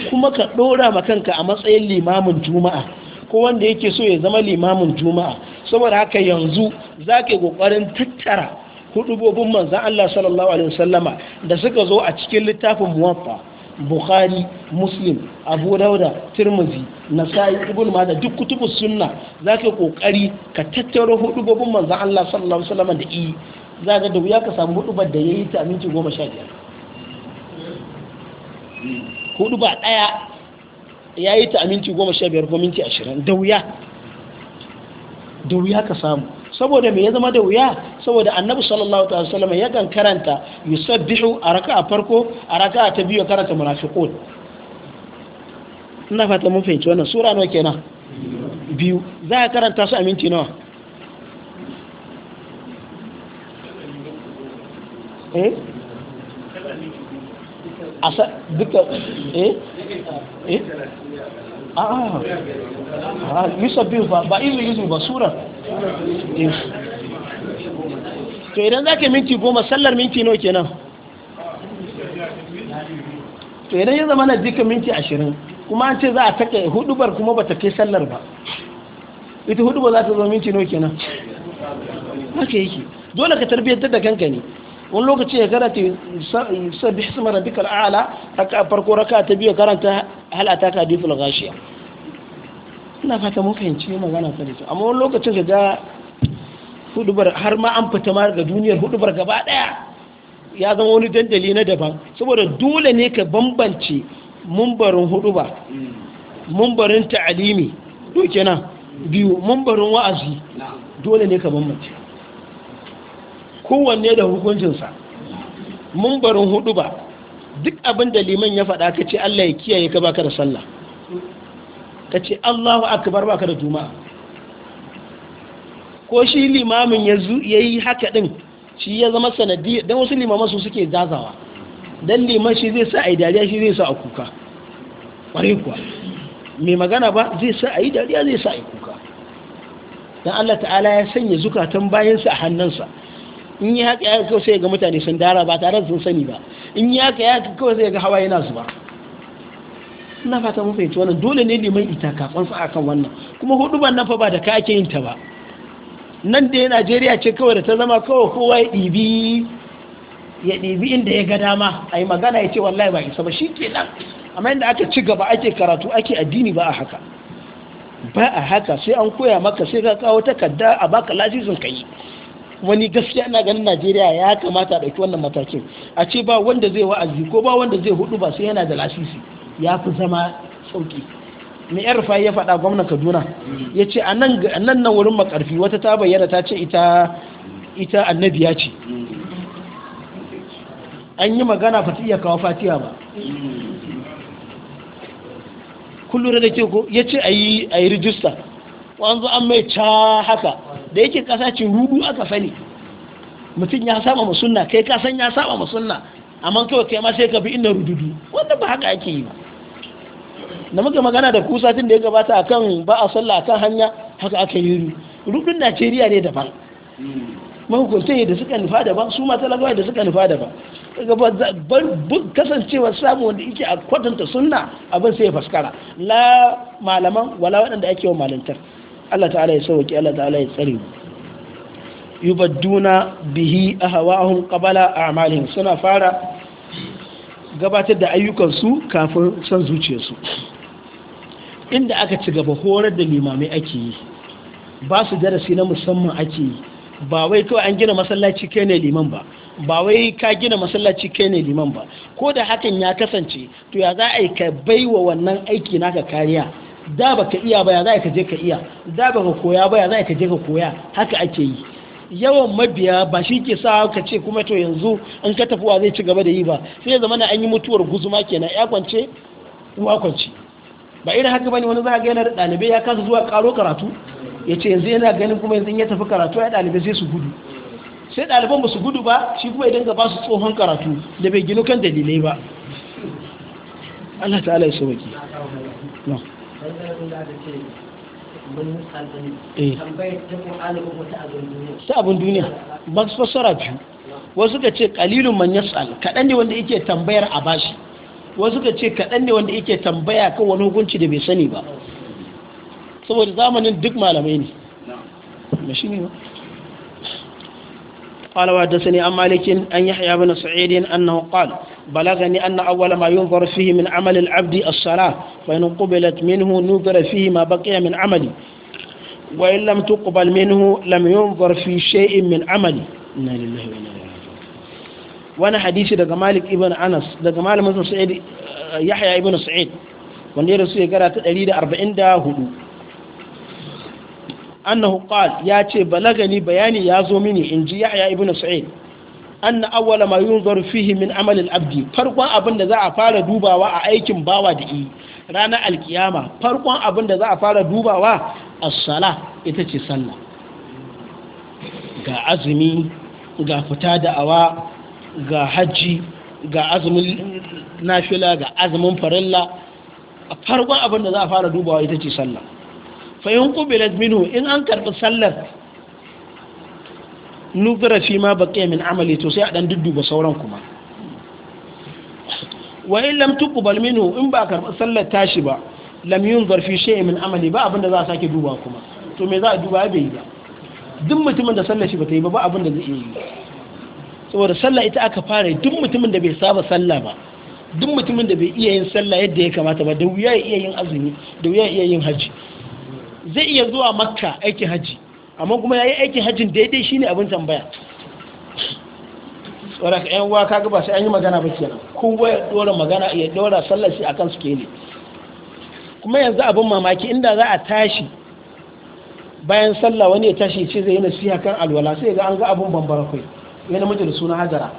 kuma ka ɗora ma kanka a matsayin limamin juma'a ko wanda yake so ya zama limamin juma'a saboda haka yanzu za ka ƙoƙarin tattara bobin manzan Allah sallallahu alaihi wasallam da suka zo a cikin littafin muwaffa bukhari muslim abu dauda tirmizi nasai ibn mada duk kutubus sunna zaka kokari ka tattaro hudubobin manzan Allah sallallahu alaihi wasallam da i za ga da wuya ka samu hudubar da ya yi ta minti goma sha biyar huduba ɗaya ya yi ta minti goma sha biyar ko minti ashirin da wuya da wuya ka samu saboda me ya zama da wuya saboda annabi sallallahu alaihi ya yakan karanta yusabbihu a a farko a raka ta biyu karanta munafiqun ina fata mun fahimci wannan sura nawa kenan biyu za ka karanta su a minti nawa eh asa duka eh eh a'a ah, ah. ah, a yusabbihu ba ba izu yuzu ba sura to idan zaka minti goma sallar minti nawa kenan to idan ya zama na duka minti ashirin kuma an ce za a take hudubar kuma ba ta kai sallar ba ita hudubar za ta zama minti nawa kenan haka yake dole ka tarbiyyantar da kanka ne wani lokaci ya karanta sabbi hisimar rabikar a'la a farko raka ta biyu karanta halata ka diful gashiya ina fata mun fahimci magana ta dito amma wani lokacin ka ga hudubar har ma an fita ma ga duniyar hudubar gaba daya ya zama wani dandali na daban saboda dole ne ka bambance mumbarin huduba mumbarin ta'alimi to kenan biyu mumbarin wa'azi dole ne ka bambance kowanne da hukuncinsa mun barin hudu ba duk abin da liman ya faɗa ka ce Allah ya kiyaye ka baka da sallah ka ce Allahu akbar baka da juma'a ko shi limamin ya yi haka din shi ya zama sanadi dan wasu limama su suke gazawa dan liman shi zai sa a yi dariya shi zai sa a kuka ƙwarai kuwa mai magana ba zai sa a yi dariya zai sa a yi kuka dan Allah ta'ala ya sanya zukatan bayansa a hannunsa in yi haka ya kawai sai ga mutane sun dara ba tare da sun sani ba in yi haka ya kawai sai ga hawa yana zuba ina fata mun fahimci wannan dole ne neman ita kafin sa akan wannan kuma hudu ban nan fa ba da ka ake yin ta ba nan da Najeriya ce kawai da ta zama kawai kowa ya ɗibi ya ɗibi inda ya ga dama a yi magana ya ce wallahi ba isa ba shi ke nan amma inda aka ci gaba ake karatu ake addini ba a haka ba a haka sai an koya maka sai ka kawo takarda a baka lasisin ka yi Wani gaskiya ina ganin najeriya ya kamata a ɗauki wannan matakin a ce ba wanda zai wa'azi ko ba wanda zai hudu ba sai yana da lasisi ya fi zama sauki mai yar rufa'i ya faɗa gwamnan kaduna ya ce a nan nan wurin makarfi wata ta bayyana ta ce ita ita annabiya ce an yi magana ba ta iya kawo fatiya ba kullum da ke ko ya ce a yi rijista wanzu an mai ca haka da yake kasa ce rudu aka fani mutum ya saba ma sunna kai ka san ya saba ma sunna amma kawai kai ma sai ka bi inna rududu wanda ba haka ake yi ba da muka magana da kusatin da ya gabata akan ba a sallah kan hanya haka aka yi rudun Najeriya ne daban mahukunta da suka nufa daban su ma talagawa da suka nufa daban ban kasancewar samu wanda yake a kwatanta sunna abin sai ya faskara la malaman wala waɗanda ake wa malintar Allah ta'ala ya sauki Allah ta'ala ya tsare mu yubadduna bihi ahwa'ahum qabala a'malihim suna fara gabatar da ayyukan su kafin san zuciyarsu inda aka ci gaba horar da limamai ake yi ba su darasi na musamman ake yi ba wai kawai an gina masallaci kai ne liman ba ba wai ka gina masallaci kai ne liman ba ko da hakan ya kasance to ya za a yi ka baiwa wannan aiki naka kariya da ba ka iya ba ya za ka je ka iya da ba ka koya ba ya za ka je ka koya haka ake yi yawan mabiya ba shi ke sa ka ce kuma to yanzu an ka tafi zai ci gaba da yi ba sai zama na an yi mutuwar guzuma kenan ya kwance uwa kwance ba irin haka bane wani za ga yana da ya kasa zuwa karo karatu ya ce yanzu yana ganin kuma yanzu ya tafi karatu ya dalibe sai su gudu sai ɗaliban ba su gudu ba shi kuma idan ka ba su tsohon karatu da bai gino kan dalilai ba Allah ta'ala ya sauki. Eh. ta abin duniya ba su fassara biyu wasu ka ce kalilun man yas'al kaɗan ne wanda yake tambayar a bashi wasu ka ce kaɗan ne wanda yake tambaya kan wani hukunci da bai sani ba saboda zamanin duk malamai ne قال وحدثني عن مالك أن يحيى بن سعيد أنه قال بلغني أن أول ما ينظر فيه من عمل العبد الصلاة فإن قبلت منه نظر فيه ما بقي من عملي وإن لم تقبل منه لم ينظر في شيء من عملي إنا لله وإنا إليه wani hadisi daga Malik ibn Anas daga malamin Sa'id Yahya ibn Sa'id wanda ya rasu ya gara ta 144 annahu qal ya ce balagani bayani ya zo mini inji yahya ibnu sa'id anna awwala ma yunzaru fihi min amal al-abdi farkon abin da za a fara dubawa a aikin bawa da yi ranar alkiyama farkon abin da za a fara dubawa as-sala ita ce sallah ga azumi ga fita da awa ga hajji ga azumin nafila ga azumin farilla farkon abin da za a fara dubawa ita ce sallah fayin ƙubilat minu in an karɓi sallar nufira fi ma baƙe min amali to sai a ɗan dudduba sauran kuma wa in lam tuqbal minhu in ba karɓi sallar tashi ba lam yunzar fi shay'in min amali ba abinda za a sake duba kuma to me za a duba bai yi ba duk mutumin da sallar shi ba ta yi ba ba abinda zai yi saboda sallah ita aka fara duk mutumin da bai saba sallah ba duk mutumin da bai iya yin sallah yadda ya kamata ba da wuya ya iya yin azumi da wuya ya iya yin hajji zai iya zuwa makka aikin hajji amma kuma ya yi aikin hajjin daidai ne abin tambaya tsoraka yan uwa kaga ba sai an yi magana ba kenan kowa ya dora magana ya dora sallar shi akan su ne kuma yanzu abin mamaki inda za a tashi bayan sallah wani ya tashi ce zai yi nasiha kan alwala sai ga an ga abin bambara kai yana miji da suna hajara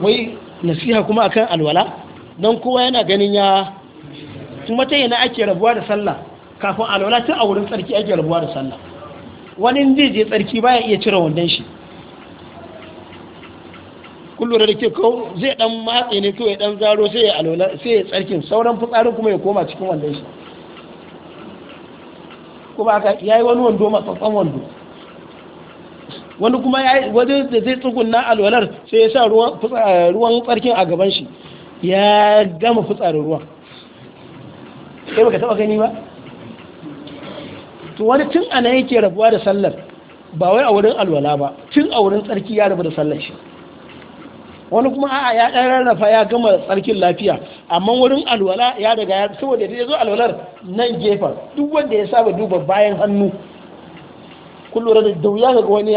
wai nasiha kuma akan alwala don kowa yana ganin ya kuma ta yana ake rabuwa da sallah kafin alwala tun a wurin tsarki ake rabuwa da sallah wani zai je tsarki baya iya cire wandon shi kullum da ke kawo zai dan matse ne kawai dan zaro sai ya alwala sai ya tsarkin sauran fitsarin kuma ya koma cikin wandon shi kuma aka yayi wani wando matsatsan wando wani kuma ya wajen da zai tsugunna alwalar sai ya sa ruwan tsarkin a gaban shi ya gama fitsarin ruwan sai baka taba gani ba to wani tun ana yake rabuwa da sallar ba wai a wurin alwala ba tun a wurin tsarki ya rabu da sallar shi wani kuma a'a ya ɗan rarrafa ya gama tsarkin lafiya amma wurin alwala ya daga ya saboda ya zo alwalar nan gefen duk wanda ya saba duba bayan hannu kun da da wuya ga wani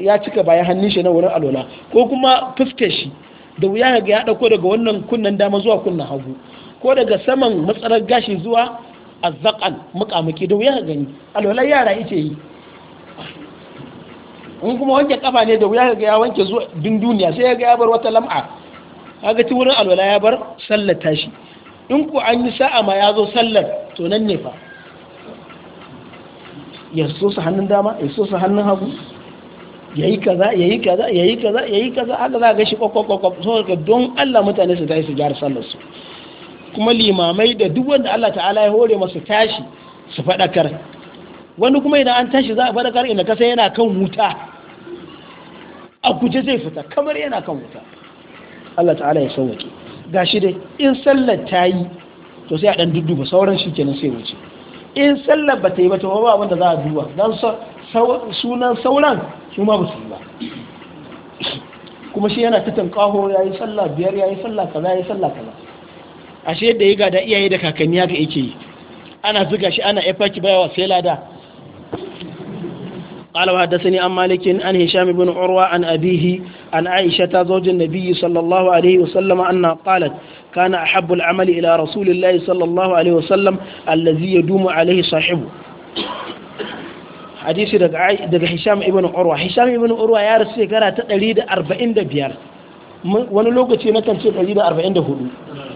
ya cika bayan hannun shi na wurin alwala ko kuma fuskar shi da wuya ga ya ɗauko daga wannan kunnen dama zuwa kunnen hagu ko daga saman matsalar gashi zuwa azzaqan muƙamuƙi da wuya gani alwala yara yake yi in kuma wanke kafa ne da wuya ga ya wanke zuwa din duniya sai ya ga ya bar wata lam'a kaga ci wurin alwala ya bar sallar tashi in ku an yi sa'a ma ya zo sallar to nan ne fa ya so su hannun dama ya so su hannun hagu yayi kaza yayi kaza yayi kaza yayi kaza haka za ga shi kokokokok so don Allah mutane su tashi su jar sallar su kuma limamai da duk wanda Allah ta'ala ya hore masu tashi su faɗakar wani kuma idan an tashi za a faɗakar ina kasa yana kan wuta a guje zai fita kamar yana kan wuta Allah ta'ala ya sauwake gashi dai in sallar ta yi to sai a ɗan dudduba sauran shi kenan sai wuce in sallar ba ta yi ba to ba wanda za a duba don sunan sauran su ma ba su yi ba kuma shi yana ta kaho ya yi sallah biyar ya yi sallah kaza ya yi sallah kaza ashe da ya gada iyaye da kakanni haka yake yi ana zuga shi ana efaki bayawa sai lada قال وحدثني عن مالك عن هشام بن عروة عن أبيه عن عائشة زوج النبي صلى الله عليه وسلم أنها قالت كان أحب العمل إلى رسول الله صلى الله عليه وسلم الذي يدوم عليه صاحبه hadisi daga Hisham ibn Urwa Hisham ibn Urwa ya rasu shekara ta 145 wani lokaci na kan ce 144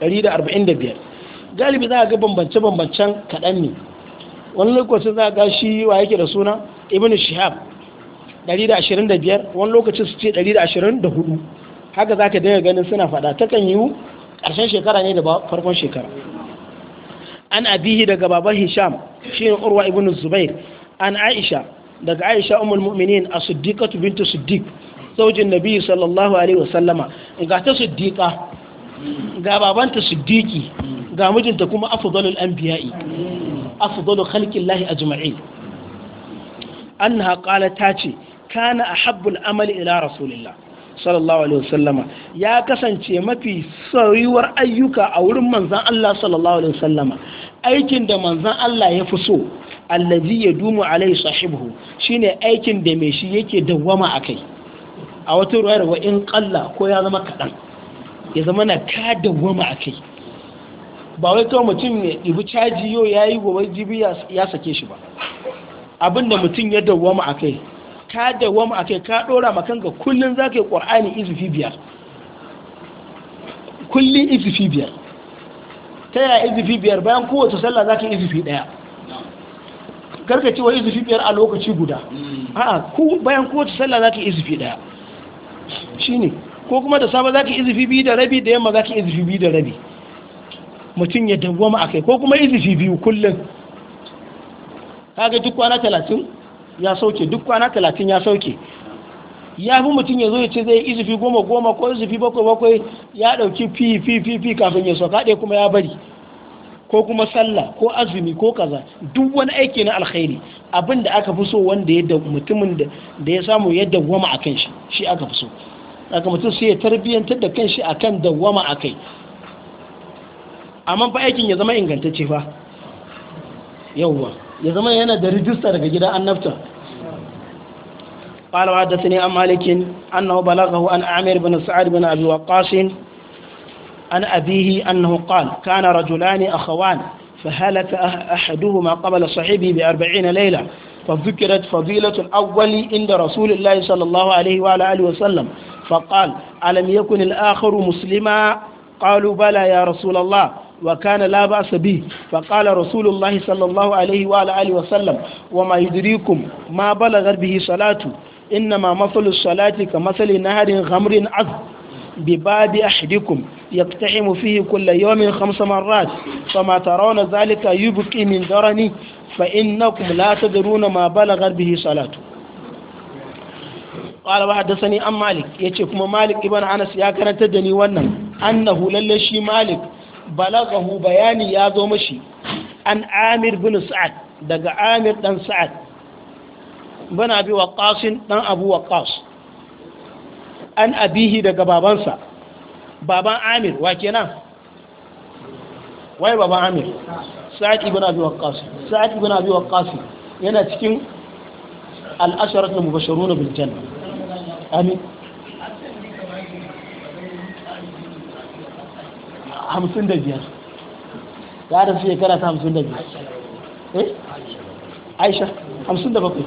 145 galibi za a ga bambance-bambancen kaɗan ne wani lokacin za a ga shi wa yake da suna ibn shihab 125 wani lokacin su ce 124 haka za ka daga ganin suna faɗa takan yiwu ƙarshen shekara ne da farkon shekara an abihi daga baban hisham shi ne urwa ibn zubair an aisha daga aisha Umar mu'minin a siddiqatu bintu siddiq zaujin nabi sallallahu alaihi wasallama ga ta siddiqa ga babanta siddiqi ga mijinta kuma afdalul anbiya'i afdalu khalqillahi ajma'in annaha qala ta ce kana ahabbul amali ila rasulillah sallallahu alaihi wasallama ya kasance mafi sauriwar ayyuka a wurin manzan Allah sallallahu alaihi wasallama aikin da manzan Allah ya fi so allazi yadumu alaihi sahibu shine aikin da mai shi yake dawwama akai a wata ruwayar wa in qalla ko ya zama kadan ya zama na ka wama a kai ba wai kawai mutum ya ibi caji yau ya yi gobe jibi ya sake shi ba abinda mutum ya wama a kai ka wama a kai ka makan ga kullum za ka yi ƙwar'ani izifi biyar kullum izifi biyar ta yaya izifi biyar bayan kowace sallah za ka yi izifi ɗaya karka cewa izifi biyar a lokaci guda mm. a'a bayan kowace sallah za ka yi izifi ɗaya shi ne ko kuma da safe za ka izifi biyu da rabi da yamma za ka izifi biyu da rabi mutum ya dawwama a kai ko kuma izifi biyu kullum kaga duk kwana talatin ya sauke duk kwana talatin ya sauke ya fi mutum ya zo ya ce zai izifi goma goma ko izifi bakwai bakwai ya ɗauki fi fi fi fi kafin ya sauka ɗaya kuma ya bari ko kuma sallah ko azumi ko kaza duk wani aiki na alkhairi abin da aka fi so wanda ya mutumin da ya samu ya dawwama a kan shi shi aka fi so daga mutum sai ya tarbiyyantar da kanshi akan dawwama akai amma fa aikin ya zama ingantacce fa yawwa ya zama yana da rijista daga gidan annabta قال وحدثني عن مالك أنه بلغه عن عامر بن سعد بن أبي وقاص عن أبيه أنه قال كان رجلان أخوان فهلك أحدهما قبل صاحبه بأربعين ليلة فذكرت فضيلة الأول عند رسول الله صلى الله عليه وعلى آله وسلم فقال ألم يكن الآخر مسلما قالوا بلى يا رسول الله وكان لا بأس به فقال رسول الله صلى الله عليه وعلى آله وسلم وما يدريكم ما بلغت به صلاته إنما مثل الصلاة كمثل نهر غمر عذب بباب أحدكم يقتحم فيه كل يوم خمس مرات فما ترون ذلك يبكي من درني فإنكم لا تدرون ما بلغت به صلاته qala wa haddathani an malik yace kuma malik ibn anas ya karantar da ni wannan annahu lalle shi malik balagahu bayani ya zo mashi an amir bin sa'ad daga amir dan sa'ad bin abi waqas dan abu waqas an abihi daga babansa baban amir wa kenan wai baban amir sa'ad ibn abi waqas sa'ad ibn abi waqas yana cikin al-asharatu mubashshiruna amin hamsin da biyar ya da su shekara ta hamsin da biyar eh aisha hamsin da bakwai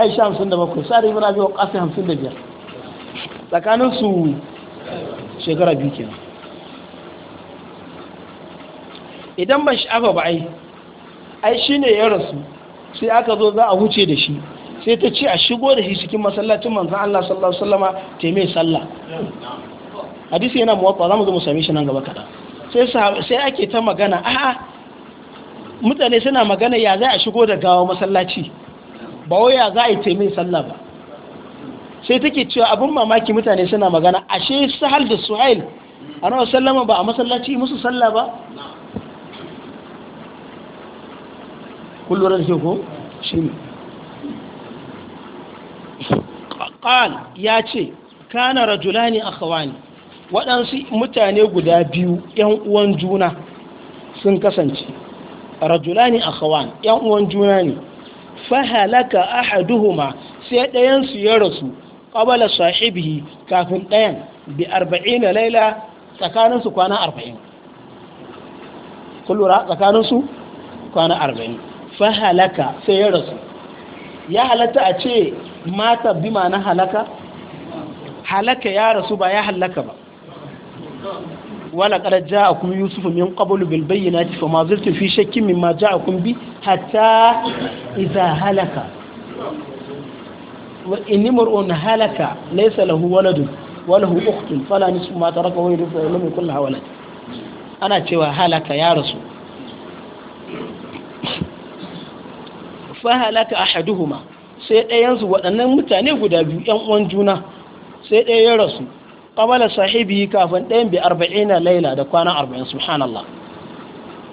aisha hamsin da bakwai sa'adu ibn biyar waqas hamsin da biyar tsakanin su shekara biyu kenan idan ban sha'afa ba ai ai ne ya rasu sai aka zo za a wuce da shi sai ta ce a shigo da shi cikin masallacin manzan Allah sallallahu alaihi wasallama ta mai sallah hadisi yana muwaffa za mu zo mu same shi nan gaba kaɗan sai sai ake ta magana a'a mutane suna magana ya za a shigo da gawa masallaci ba wai ya za a yi ta mai sallah ba sai take cewa abin mamaki mutane suna magana ashe sahal da suhail nawa sallama ba a masallaci musu sallah ba kullum da ko shi ne Al ya ce kana rajulani a akhawani waɗansu mutane guda biyu yan uwan juna sun kasance rajulani a akhawan yan uwan juna ne fahalaka ahaduhuma sai ɗayan su ya rasu qabala sahibihi kafin ɗayan bi 40 laila tsakanin su kwana arba'in. kullura tsakanin su kwana 40 fahalaka sai ya rasu ya halatta a ce mata bi na halaka halaka ya rasu ba ya halaka ba wala kada ja a kuma yusufu min qablu bil bayyinati fa ma zaltu fi shakkin mimma ja'akum bi hatta idza halaka wa inni mar'un halaka laysa lahu waladu wa lahu ukhtun fala nisfu ma taraka wa yurithu lam yakul lahu walad ana cewa halaka ya rasu fahalaka ahaduhuma sai ɗayansu waɗannan mutane guda biyu ‘yan uwan juna sai ɗaya ya rasu ƙabala sahibi kafin ɗayan bi arba'ina laila da kwana arba'in subhanallah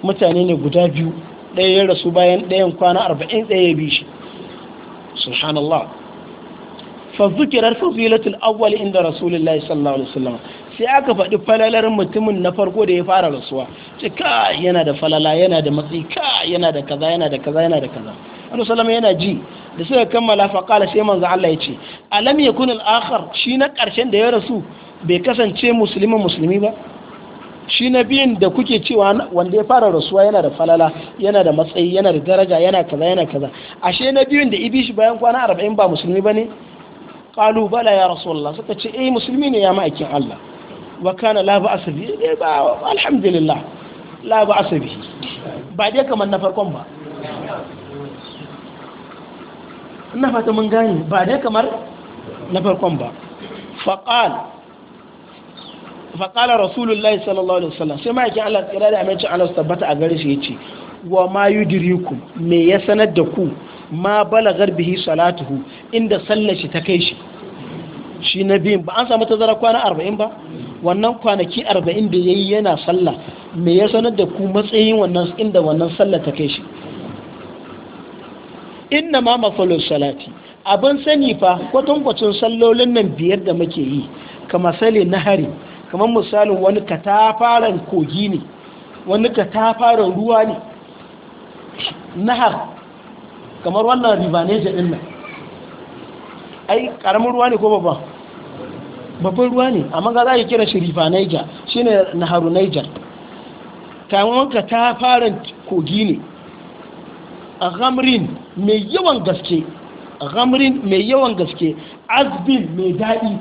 mutane ne guda biyu ɗaya ya rasu bayan ɗayan kwana arba'in ɗaya ya bi shi subhanallah fazukirar fazilatul awwal inda rasulullahi sallallahu alaihi wasallam sai aka faɗi falalar mutumin na farko da ya fara rasuwa ce ka yana da falala yana da matsi ka yana da kaza yana da kaza yana da kaza annabi sallama yana ji da suka kammala fa kala sai manzo Allah ya ce alam yakun al akhar shi na karshen da ya rasu bai kasance musulmin musulmi ba shi na biyun da kuke cewa wanda ya fara rasuwa yana da falala yana da matsayi yana da daraja yana kaza yana kaza ashe na biyun da ibishi bayan kwana arba'in ba musulmi ba qalu bala ya rasulullah suka ce eh musulmi ne ya ma'aikin Allah wa kana la ba'sa bi eh, alhamdulillah la ba ba dai kamar na farkon ba ina fata mun gani ba dai kamar na farkon ba faqal faqala rasulullahi sallallahu alaihi wasallam sai ma'aikin Allah tsira da amincin Allah tabbata a gare shi yace wa ma yudriku me ya sanar da ku ma balagar bihi salatuhu inda sallashi shi ta kai shi shi na ba an samu tazara kwana arba'in ba wannan kwanaki arba'in da ya yi yana sallah me ya sanar da ku matsayin wannan inda wannan sallah ta kai shi inna ma mafalin salati abin sani fa kwatankwacin sallolin nan biyar da muke yi ka masali na hari kamar misalin wani katafaren kogi ne wani katafaren ruwa ne nahar kamar wannan rivaneja din nan ai karamin ruwa ne ko babba babban ruwa ne amma ga za a kira shi rivaneja shi ne naharu niger kamar katafaren kogi ne a gamrin mai yawan gaske ghamrin mai yawan gaske azbin mai daɗi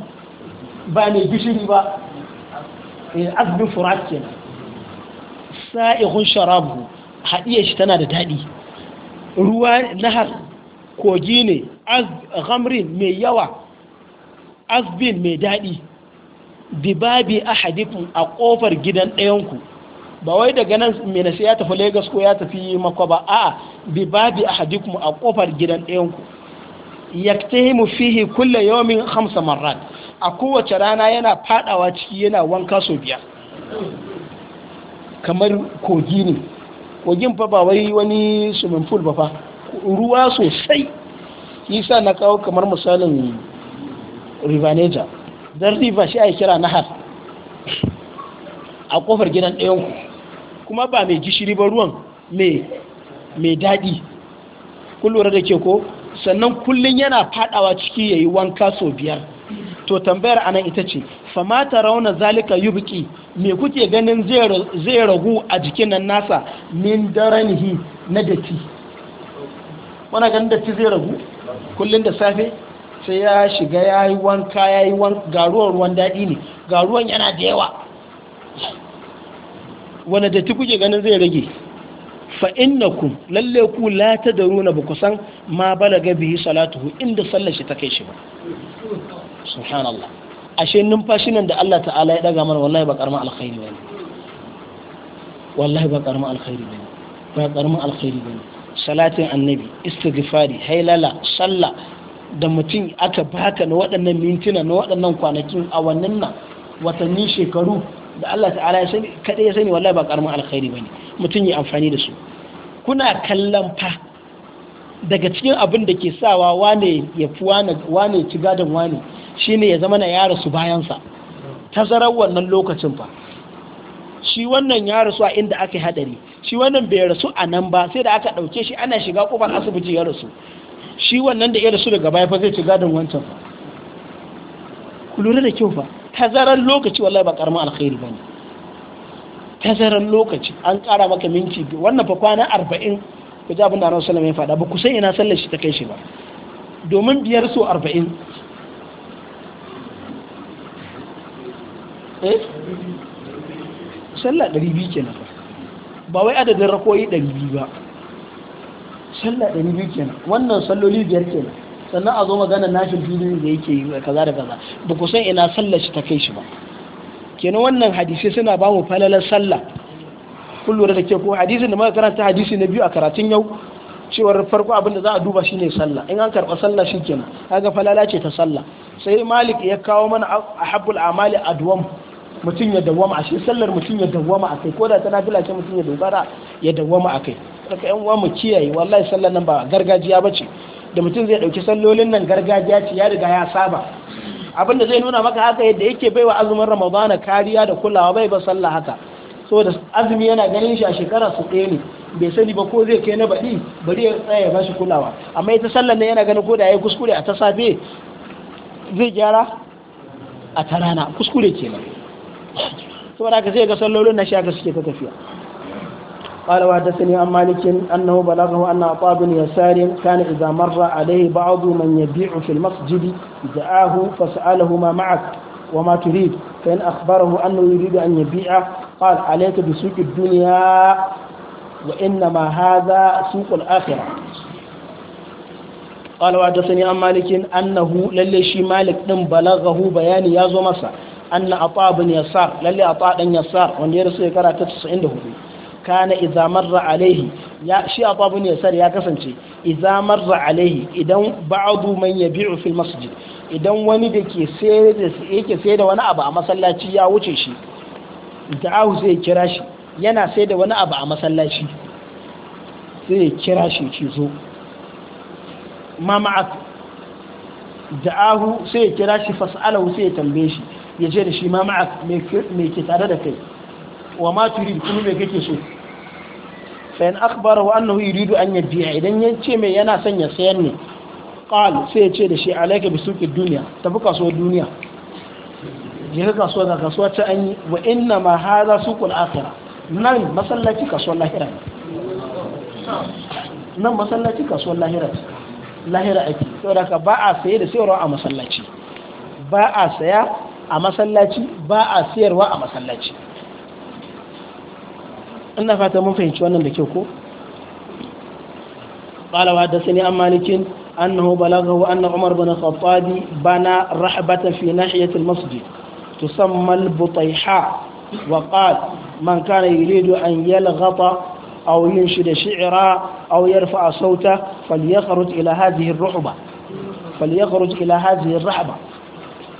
ba mai gishiri ba eh, azbin furat sa'ihun sharabu haɗiyar shi tana da daɗi ruwa nahar kogi ne ghamrin mai yawa azbin mai daɗi Dibabi a hadifin a ƙofar gidan ɗayanku ba wai daga nan mai ya tafi lagos ko ya tafi makwa ba a bi babi ahadikum a kofar gidan ɗayan ku yaktahimu fihi kulla yawmin khamsa marrat a kowace rana yana fadawa ciki yana wanka sau biyar kamar kogi ne kogin fa ba wai wani swimming pool ba fa ruwa sosai yasa na kawo kamar misalin river niger don river shi a kira nahar a kofar gidan ɗayanku kuma ba mai gishiri ba ruwan mai daɗi Kullum da ke ko sannan kullum yana fadawa ciki ya yi wanka sau biyar to tambayar anan ita ce famata rauna zalika yi buki me kuke ganin zai ragu a jikin nan nasa min daranihi na datti wana ganin datti zai ragu kullum da safe sai ya shiga ya yi wanka ya yi wanka ga ruwan daɗi ne ga yana da yawa wani datti kuke ganin zai rage ku lalle ku la ta da runa ba kusan ma balaga salatu hu? inda sallar shi ta kai shi ba subhanallah ashe numfashi nan da Allah ta'ala ya daga mana wallahi ba karma alkhairi ne wallahi ba karma alkhairi bane ba karma alkhairi ne salatin annabi istighfari hailala sallah da mutum aka baka na waɗannan mintuna na waɗannan kwanakin awannin nan watannin shekaru da Allah ta'ala ya sani kada ya sani wallahi ba karamin alkhairi bane mutum ya amfani da su kuna kallon fa daga cikin abin da ke sawa wane ya fi wane ci gadon wane shine ya zama na yara su bayansa tazarar wannan lokacin fa shi wannan ya rasu a inda aka hadari shi wannan bai rasu a nan ba sai da aka ɗauke shi ana shiga kofar asibiti ya rasu shi wannan da ya rasu daga baya fa zai ci gadon wancan fa ku lura da kyau fa tazarar lokaci wallahi ba karamin alkhairi bane tazarar lokaci an kara maka minti wannan fa kwana 40 ku ji abin da Annabi sallallahu alaihi wasallam ya faɗa ba ku san ina sallar shi ta kai shi ba domin biyar so 40 eh sallah biyu kenan ba wai adadin rakoyi 200 ba sallah biyu kenan wannan salloli biyar kenan sannan a zo magana nafil filin da yake yi kaza da kaza ba ku san ina sallar shi ta kai shi ba kenan wannan hadisi suna ba mu falalar sallah kun da ke ko hadisi da muka karanta hadisi na biyu a karatun yau cewar farko abin da za a duba shine sallah in an karɓa sallah kenan kaga falala ce ta sallah sai malik ya kawo mana ahabul amali adwam mutum ya dawwama a shi sallar mutum ya dawwama a kai ko da ta na ce mutum ya dogara ya dawwama a kai daga yan uwa mu kiyaye wallahi sallar nan ba gargajiya ba ce. da mutum zai ɗauki sallolin nan gargajiya ce ya riga ya saba abin da zai nuna maka haka yadda yake baiwa azumin ramadana kariya da kulawa bai ba sallah haka so da azumi yana ganin shi a shekara su ɗaya ne bai sani ba ko zai kai na baɗi bari ya tsaya ba bashi kulawa amma ita sallar nan yana ganin ko da ya kuskure a ta safe zai gyara a ta rana kuskure kenan saboda haka zai ga sallolin na shaka suke ta tafiya قال وحدثني عن مالك أنه بلغه أن عطاء بن يسار كان إذا مر عليه بعض من يبيع في المسجد دعاه فسأله ما معك وما تريد فإن أخبره أنه يريد أن يبيع قال عليك بسوق الدنيا وإنما هذا سوق الآخرة قال وحدثني عن مالك أنه للشي مالك دم بلغه بيان يازو مسا أن عطاء بن يسار للي عطاء بن يسار وأن يرسل كرة 94 kana idza marra alaihi ya shi Abu Ibn Yasar ya kasance idza marra alaihi idan ba'du man yabi'u fil masjid idan wani da ke sayar da yake sayar da wani abu a masallaci ya wuce shi da'ahu sai kira shi yana sayar da wani abu a masallaci sai ya kira shi ci zo ma ma'ak da'ahu sai ya kira shi fas'alahu sai ya tambaye shi ya da shi ma ma'ak me ke tare da kai wa ma turi kuma me kake so fa in akhbarahu annahu yuridu an yabi'a idan ya ce mai yana son ya sayar ne qal sai ya ce da shi alayka bi suqi dunya tafi kasuwar duniya je ka kasuwa da kasuwa ta an yi wa inna ma hadha suqul akhirah nan masallaci kasuwar lahira nan masallaci kasuwar lahira lahira ake saboda ka ba a saye da sayarwa a masallaci ba a saya a masallaci ba a sayarwa a masallaci ina fata mun fahimci wannan da kyau ko قال وحدثني عن مالك أنه بلغه أن عمر بن الخطاب بنى رحبة في ناحية المسجد تسمى البطيحاء وقال من كان يريد أن يلغط أو ينشد شعرا أو يرفع صوته فليخرج إلى هذه الرحبة فليخرج إلى هذه الرحبة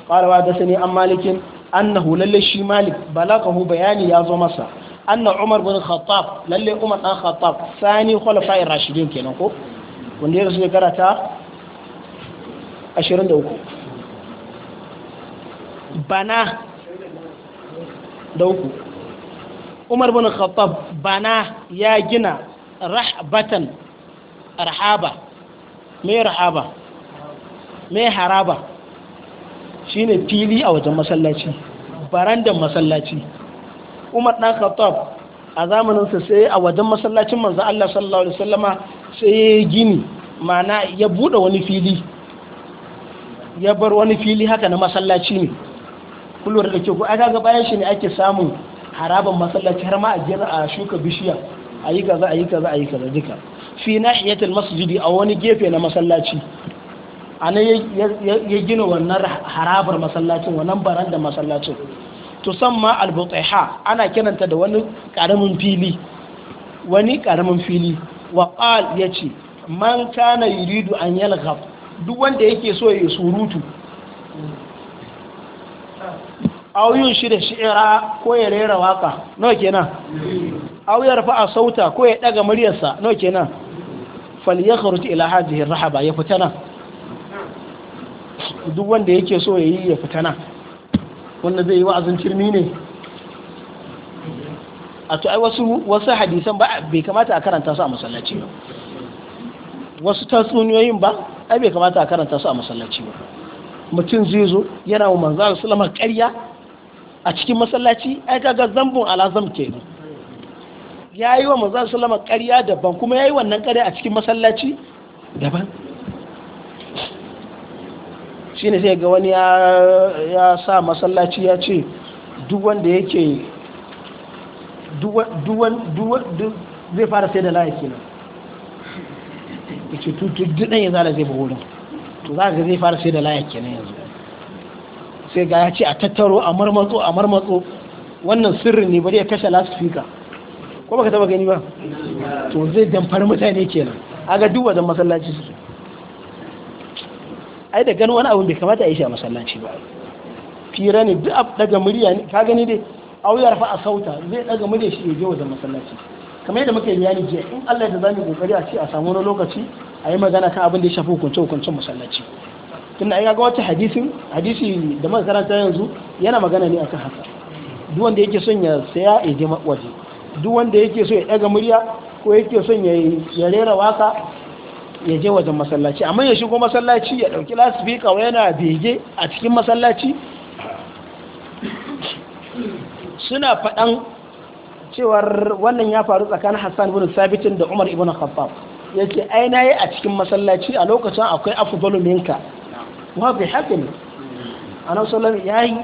قال وحدثني عن مالك أنه للشي مالك بلغه بياني يا زمسا anna umar bin khattab lalle umar dan khattab sani khulafa'ir rashidin kenan ko wanda ya rasu shekara ta 23 bana da uku umar bin khattab bana ya gina rahbatan arhaba mai rahaba mai haraba shine fili a wajen masallaci barandan masallaci Umar dan Khattab a zamaninsa sai a wajen masallacin manzo Allah sallallahu alaihi wasallama sai ya gini mana ya bude wani fili ya bar wani fili haka na masallaci ne kullum da ke ku aka ga bayan shi ne ake samun haraban masallaci har ma a gina a shuka bishiya a yi kaza a yi kaza a yi kaza duka fi nahiyatul masjidi a wani gefe na masallaci a ya gina wannan harabar masallacin wannan baran da masallacin tusamma al ana kiranta da wani karamin fili wani karamin fili wa qal yace man kana yuridu an yalghab duk wanda yake so ya surutu auyun shi da shi'ira ko ya rera waka no kenan auyar fa a sauta ko ya daga muryarsa no kenan yakhruj ila hadhihi rahaba ya fitana duk wanda yake so ya yi ya fitana wanda zai yi wa'azin cirmi ne a to ai wasu wasu hadisan ba bai kamata a karanta su a masallaci ba wasu tatsuniyoyin ba ai bai kamata a karanta su a masallaci ba mutum zai zo yana wa manzo sallama ƙarya a cikin masallaci ai kaga zambun alazam kenan yayi wa manzo sallama ƙarya daban kuma yayi wannan ƙarya a cikin masallaci daban shi ne sai ga wani ya sa masallaci ya ce duk wanda yake zai fara sai da laye kenan ya ce duk ɗan ya zala zai buhuri to za ga zai fara sai da laye nan yanzu sai ga ya ce a tattaro a marmatsu a marmatsu wannan sirri ne bari ya kashe lasifika ko baka taba gani ba to zai damfar mutane kenan ga duk wajen masallaci su. ai da gani wani abin bai kamata a yi shi a masallaci ba fira ne duk daga murya ne ka gani dai auyar fa a sauta zai daga murya shi ya je wajen masallaci kamar yadda muka yi bayani jiya in Allah da zani kokari a ce a samu wani lokaci a yi magana kan abin da ya shafi hukunce hukuncen masallaci tun da ai ga wata hadisi hadisi da muka karanta yanzu yana magana ne akan haka duk wanda yake son ya saya ya je waje duk wanda yake so ya daga murya ko yake son ya rera waka ya je wajen masallaci amma ya shigo masallaci ya dauki lasifika wa yana bege a cikin masallaci suna faɗan cewar wannan ya faru tsakanin hassan bin sabitin da umar ibn khattab ya ce ai na yi a cikin masallaci a lokacin akwai Afu minka wa bi a nan sallam ya yi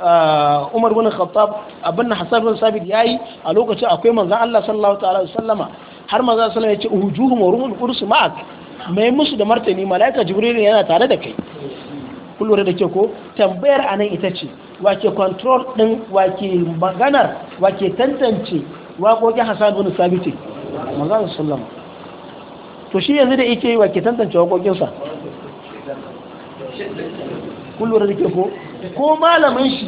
uh, umar ibn khattab abin hassan bin sabit ya yi a lokacin akwai manzan allah sallallahu ta'ala sallama har maza sallallahu ya ce uhujuhum wa ruhul qudus ma'ak mai musu da martani malaika jibrilu yana tare da kai kullure da ke ko tambayar anan ita ce wake control din wake maganar wake tantance waƙoƙin hasan bin sabiti maza sallama to shi yanzu da yake wake tantance waƙoƙin sa kullure da ke ko ko malamin shi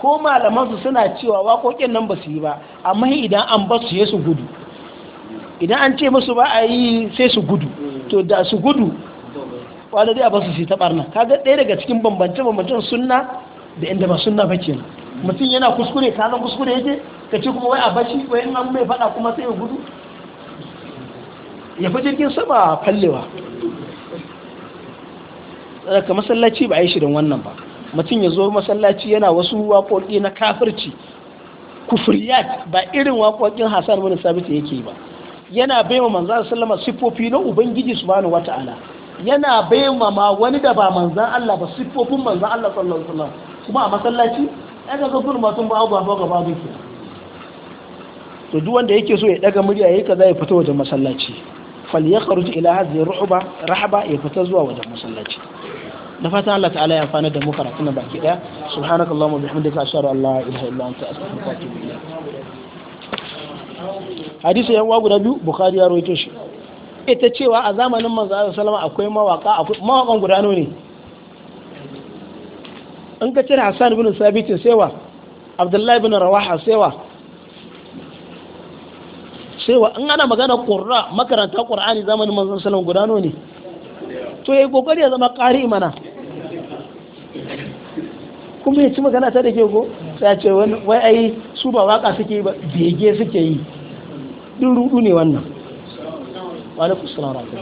ko malaman su suna cewa waƙoƙin nan ba su yi ba amma idan an ba su yesu su gudu idan an ce musu ba a yi sai su gudu to da su gudu wanda dai a basu su ta barna kaga ɗaya daga cikin bambance bambancen sunna da inda ba sunna ba kenan mutum yana kuskure ka kuskure yake ka ce kuma wai a bashi wai an mai faɗa kuma sai ya gudu ya fi jirgin sama fallewa Daga masallaci ba a yi shirin wannan ba mutum ya zo masallaci yana wasu waƙoƙi na kafirci kufuriyat ba irin waƙoƙin hasar wani sabita yake ba yana baiwa manzan sallama siffofi na ubangiji su wata ala yana baiwa ma wani da ba manzan Allah ba siffofin manzan Allah sallallahu alaihi wasallam kuma a masallaci ya ga gafur masu ba ba ba babu ke to duk wanda yake so ya daga murya yayi kaza ya fita wajen masallaci fal falyakhruj ila hadhihi ruhba rahaba ya fita zuwa wajen masallaci na fata Allah ta'ala ya fana da mu karatun baki daya subhanakallahumma bihamdika ashhadu an la ilaha illa anta astaghfiruka wa atubu ilaik hadisi yan uwa guda biyu bukhari ya rawaito shi ita cewa a zamanin manzo Allah sallama akwai mawaka akwai mawakan guda ne in ka cire Hassan ibn Sabit sewa Abdullahi ibn Rawaha sewa sewa in ana magana qurra makaranta qur'ani zamanin manzo sallama guda ne to yayi kokari ya zama qari mana kuma ya ci magana ta da ke go sai ce wai ai su ba waka suke ba bege suke yi duk rudu ne wannan wani kusurara ta